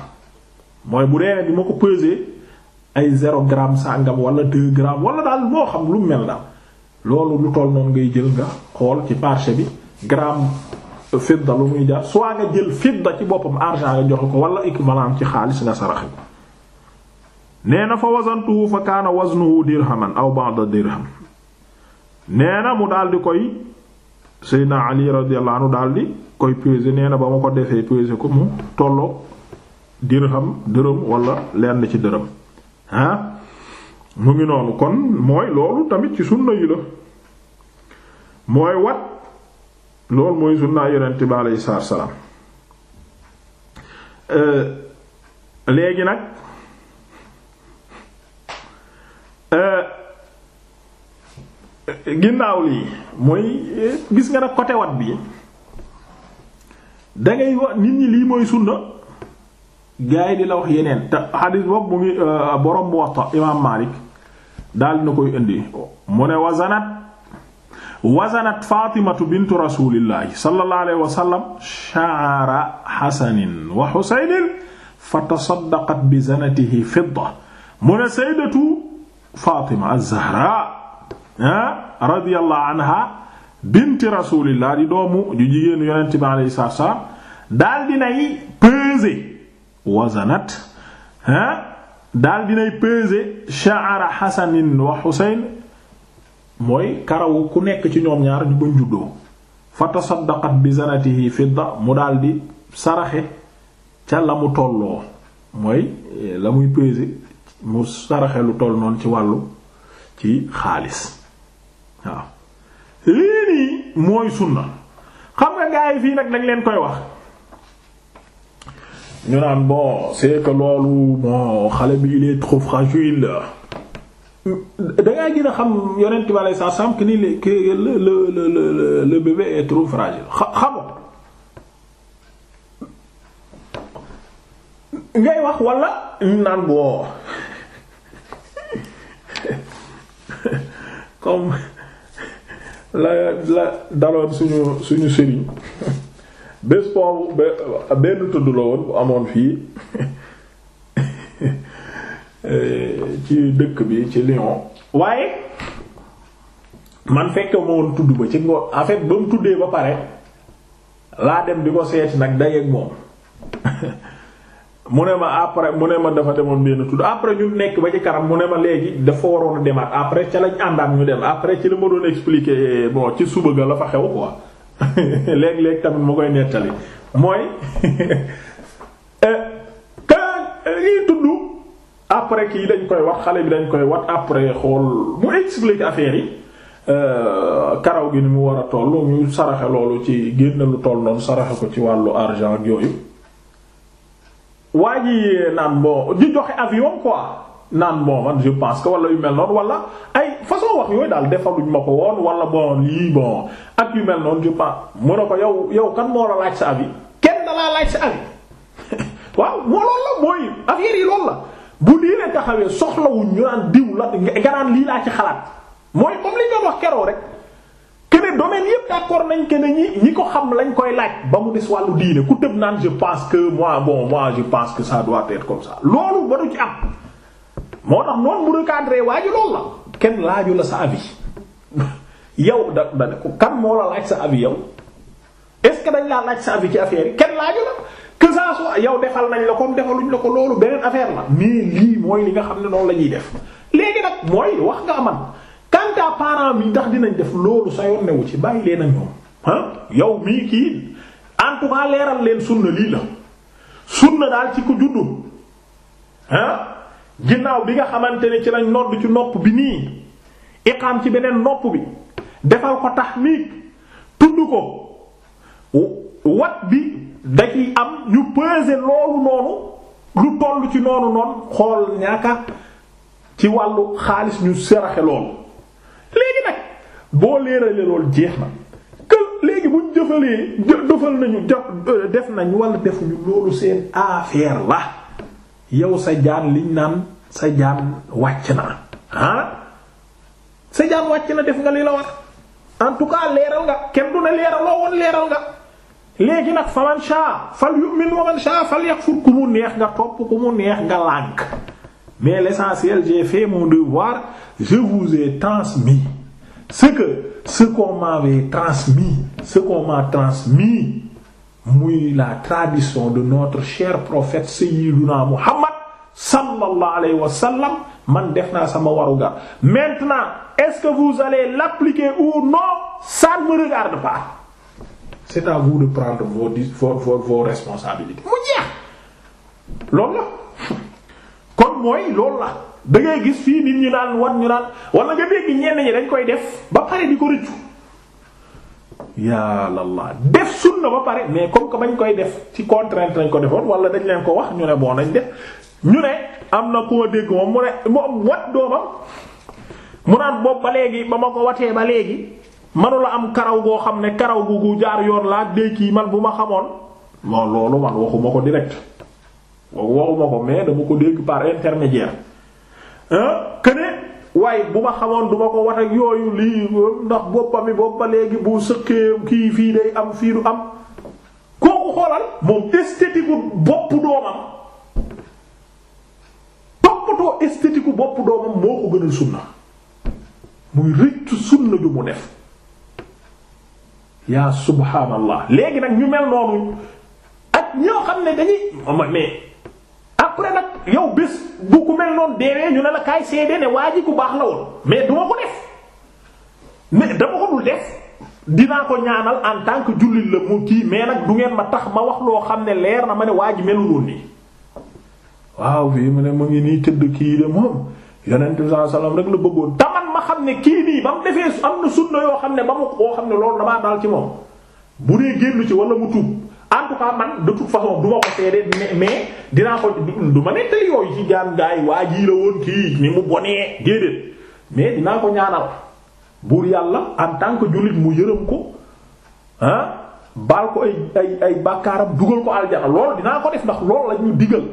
mooy bu dee bi ma ko peser ay zéro gramme sàngam wala deux grammes wala daal moo xam lu mel na loolu lu toll noonu ngay jël nga xool ci marché bi gramme fidda lu muy jaar soit nga jël fidda ci boppam argent nga joxe ko wala équivalent ci xaalis nga saraxe ko nee na fa wasantuhu fa kaana waznuhu dirhaman aw ba'da dirham nee na mu daal di koy Seydina Ali radiyallahu anhu daal di koy peser nee na ba ma ko defee peser ko mu tolloo dirham dërëm wala lenn ci dërëm ah mu ngi noonu kon mooy loolu tamit ci sunna yi la mooy wat loolu mooy sunna yonent bi aleyhi salaatu wa salaam eh, léegi nag eh, ginnaaw lii mooy eh, gis nga nag côté wat bi dangay wax nit ñi lii mooy sunna gaa yi di la wax yeneen te xadis boobu mu ngi euh, borom Muwatta imaam Maalik daal na koy indi mu ne wazanat wazanat Faatimatu bintu rasuulillaahi sallallaahu alayhi wa sallam sha'ra Hasanin wa Husaynin fatasaddaqat bi zanatihi fidda mu ne sayyidatu Faatima az-Zahra ah, radiyallaahu anhaa binti rasuulillaahi di doomu ju jigéenu Yonent bi alayhi salaam daal dinay peser wazanat ah daal dinay peser sha'ara xasanin wa xusayn mooy karawu ku nekk ci ñoom ñaar ñu bañ juddoo fa tasaddaqat bi zanatihi fidda mu daal di saraxe ca la mu tolloo mooy eh, la muy peser mu saraxe lu toll noonu ci wàllu ci xaalis waaw lii nii mooy sunna xam nga gaa yi fii nag dañ leen koy wax ñu naan bon c'est que loolu bon xale bi il est trop fragile dangaa gën a xam yonent bi aleyhi salaatu salaam que ni le le le le bébé est trop fragile xamoo ngay wax wala ñu naan bon comme la la daloon suñu suñu sëriñ bés boobu benn tudd la woon bu amoon fii ci dëkk bi ci Lyon waaye man fekke ma woon tudd ba ci ngo en fait ba mu tuddee ba pare laa dem di ko seeti nag dajeek moom mu ne ma après mu ne ma dafa demoon benn tudd après ñu nekk ba ci kanam mu ne ma léegi dafa waroon a demaat après ca lañ àndaan ñu dem après ci la ma doon expliquer bon ci suba ga la fa xew quoi léegi léeg tamit mu koy nettali mooy ka euh, ngi euh, tudd après kii dañ koy wax xale bi dañ koy wax après xool mu explique affaire yi euh, karaw gi ni mu war a toll ñu saraxe loolu ci génn lu toll noonu saraxe ko ci wàllu argent ak yooyu waa ji naan bon di joxe avion quoi naan bon man je pense que wala yu mel noonu wala ay façon wax yooyu daal defaluñ ma ko woon wala bon lii bon ak yu mel noonu je pense mu ne ko yow yow kan moo la laaj sa avis kenn dalaa laaj sa avis waaw moo lii laa ci xalaat mooy comme li rek que ne domaine nañ que ñi ñi ko xam lañ koy laaj ba mu des wàllu diine ku tëb naan je pense que moi bon moi je pense que ça doit être comme ça loolu ba du ci am. moo tax noonu mu recadré waaju loolu la kenn laaju la sa avis yow da da ne ko kan moo la laaj sa avis yow est-ce que dañ laa laaj sa avis ci affaire yi kenn laaju la que ça soit yow defal nañ la comme defaluñ la ko loolu beneen affaire la mais lii mooy li nga xam ne noonu la ñuy def léegi nag mooy wax nga aman quant parent parents mi tax dinañ def loolu sa yoon newu ci bàyyi leen ak ñoom ah yow mii kii en leeral leen sunna lii la sunna daal ci ko juddu ah ginnaaw bi nga xamante ne ci lañ nodd ci nopp bi nii iqaam ci beneen nopp bi defal ko tax tahmid tudd ko wat bi da ciy am ñu peser loolu noonu lu toll ci noonu noon xool ñaaka ci wàllu xaalis ñu seraxe loolu léegi nag boo leerale loolu jeex na que léegi buñ jëfalee jëfal nañu def nañ wala defuñu loolu seen affaire la yow sa jaan liñ naan sa jaan wàcc na ah sa jaan wàcc na def nga li la war en tout cas leeral nga kenn du ne leeraloo woon leeral nga léegi nag fa man shaa fal yu'min wa man shaa fal yakfur ku mu neex nga topp ku mu neex nga lànk mais l'essentiel j'ai fait mon devoir je vous ai transmis ce que ce transmis ce transmis muy la tradition de notre cher prophète sayyiduna Muhammad sallallahu alayhi wa sallam man def naa sama warugar maintenant est-ce que vous allez l'appliquer ou non ça ne me regarde pas c'est à vous de prendre vos vos vos, vos responsabilités. mu jeex loolu la kon mooy loolu la da ngay gis fii nit ñu naan wan ñu naan wala nga dégg ñenn ñi dañ koy def ba pare di ko rëccu. yàlla def sunna ba pare mais comme que bañ koy def ci contrainte lañ ko defoon wala dañ leen ko wax ñu ne bon nañ def ñu ne am na koo dégg moom mu ne moom wat doomam mu naan boobu léegi ba ma ko watee ba léegi manula am karaw goo xam ne karaw gu gu jaar yoon laa dékk yi man bu ma xamoon moo loolu man waxuma ko direct waxuma ko mais dama ko dégg par intermédiaire que ne waaye bu ma xamoon duma ko wat ak yooyu lii ndax boppam mi boppa léegi bu sëqee kii fii day am fii du am kooku xoolal moom esthétique u bopp doomam toppatoo esthétique bopp doomam moo ko gënal sunna muy rëccu sunna ju mu def yaa subhaanallah léegi nag ñu mel noonu ak ñoo xam ne dañuy mais après yow bés bu ku mel noonu la kaay seede ne waa ji baax la woon mais dama ko ko ñaanal en tant que jullit la mu kii mais nag ngeen ma tax ma wax loo xam ne leer na ma ne waa ji melul woon nii mu ne mu ngi nii tëdd kii de moom yonent bi sallallahu alayhi rek la bëggoon taman ma xam ne kii nii ba mu defee am na sunna yoo xam ne ba mu koo xam ne loolu damaa dal ci moom bu dee génn ci wala mu tuub en tout man de toute façon du ma ko seede mais dinaa ko du ma nettali yooyu ci gaan gaay waa jii la woon kii ni mu bonee déedéet mais dinaa ko ñaanal buur yàlla en tant que jullit mu yërëm ko ah baal ko ay ay bàkkaaram dugal ko aljana loolu dinaa ko def ndax loolu la ñu digal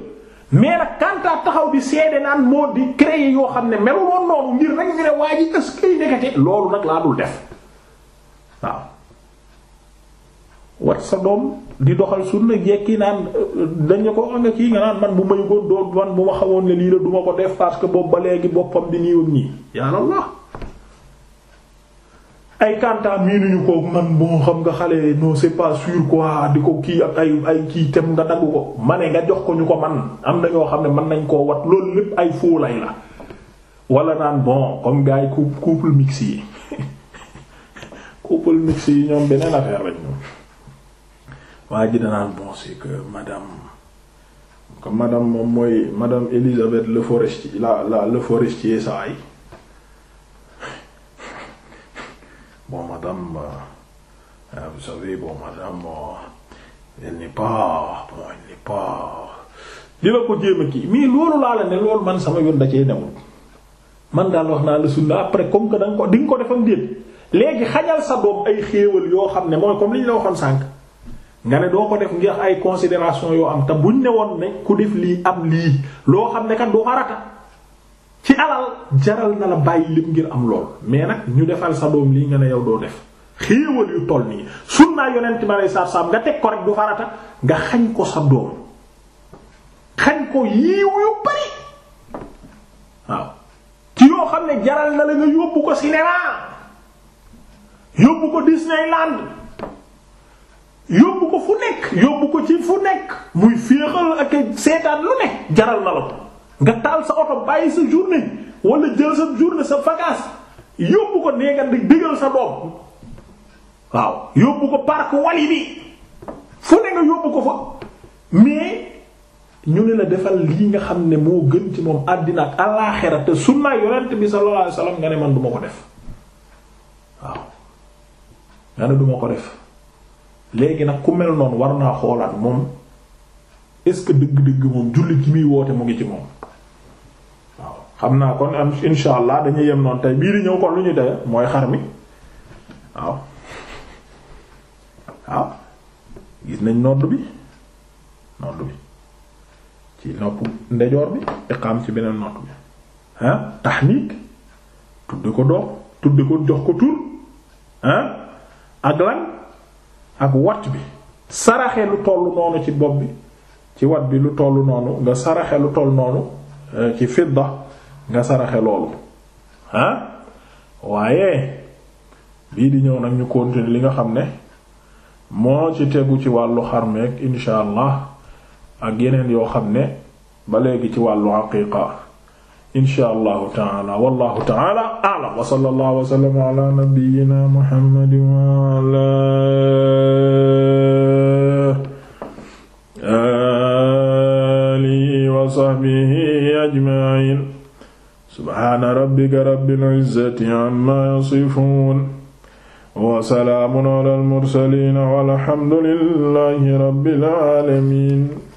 mais nag kantaa taxaw di seede naan moo di créer yoo xam ne melu noonu ngir rek ñu ne waa ji est-ce loolu nag laa dul def waaw wat sa doom di doxal sunna jekki naan dañu ko nga kii nga naan man bu may góor doon man bu ma xamoon ne lii la duma ko def parce que boobu ba léegi boppam bi niiwam nii yàlla la ay kantaa miinuñu ko man boo xam nga xale non c'est pas sûr quoi di ko kii ay ay kii tem nga dagg ko ma ne nga jox ko ñu ko man am na ñoo xam ne man nañ koo wat loolu lépp ay fóolay la walla naan bon comme gars yi couple mixte yi couple mixte yi ñoom beneen affaire lañ ñoom waa ji danaan bon c'est que madame comme moom mooy madame Elisabeth Le Forestier la la Le Forestier saa yi bon madame euh, euh, vous savez bon madame euh, elle n'est pas bon elle la ko jéem kii mais loolu laa la ne loolu man sama yoon da cee newul man daal wax naa la sunna après comme que da ko di ko defam déet léegi xajal sa doom ay xéewal yoo xam ne mooy comme li ñu la waxoon sànq. nga ne doo ko def ngir ay considération yoo am te buñ ne woon ne ku def lii am lii loo xam ne kan du xarata ci alal jaral na la bàyyi lim ngir am lool mais nag ñu defal sa doom lii nga ne yow doo def xéewal yu toll nii sunnaa yonent ma lay saab-saab nga teg ko rek du farata nga xañ ko sa doom xañ ko yiiw yu bari waaw ci yoo xam ne jaral na la nga yóbbu ko cinéma yóbbu ko Disneyland yóbbu ko fu nekk yóbbu ko ci fu nekk muy féexal ak seetaan lu ne jaral na nga taal sa oto bàyyi sa journée wala jël sa journée sa vacances yóbbu ko nee nga digal sa doom waaw yóbbu ko parc wali fu ne nga yóbbu ko fa mais ñu ne la defal lii nga xam ne moo gën ci moom àddina ak alaaxira te sunna yonent bi sallallahu alayhi nga ne man duma ko def waaw nga ne duma ko def léegi nag ku mel noonu war naa xoolaat moom est-ce que dëgg-dëgg moom jullit gi muy woote mu ngi ci moom waaw xam naa kon insha allah dañuy yem noonu tey bii di ñëw kon lu ñu dee mooy xar mi waaw waaw gis nañ nodd bi nodd bi ci nopp ndejoor bi iqaam ci beneen nodd bi ah tahnik tudde ko doom tudde ko jox ko tur ah ak lan ak wat bi saraxe lu toll noonu ci bopp bi ci wat bi lu toll noonu nga saraxe lu toll noonu euh, ci fidda nga saraxe loolu ah waaye bii di ñëw nag ñu continuer li nga xam ne moo ci tegu ci wàllu xarmeek insha allah ak yeneen yoo xam ne ba léegi ci wàllu aqiqa insha allahu taala wallahu taala a'lam wa sallallahu wa sallam ala nabiyyina muhammad wa ala alihi wa sahbihi ajma'in subhana rabbika rabbil izzati amma yasifun wa salaamun ala al mursalin walhamdulillahi rabbil alamin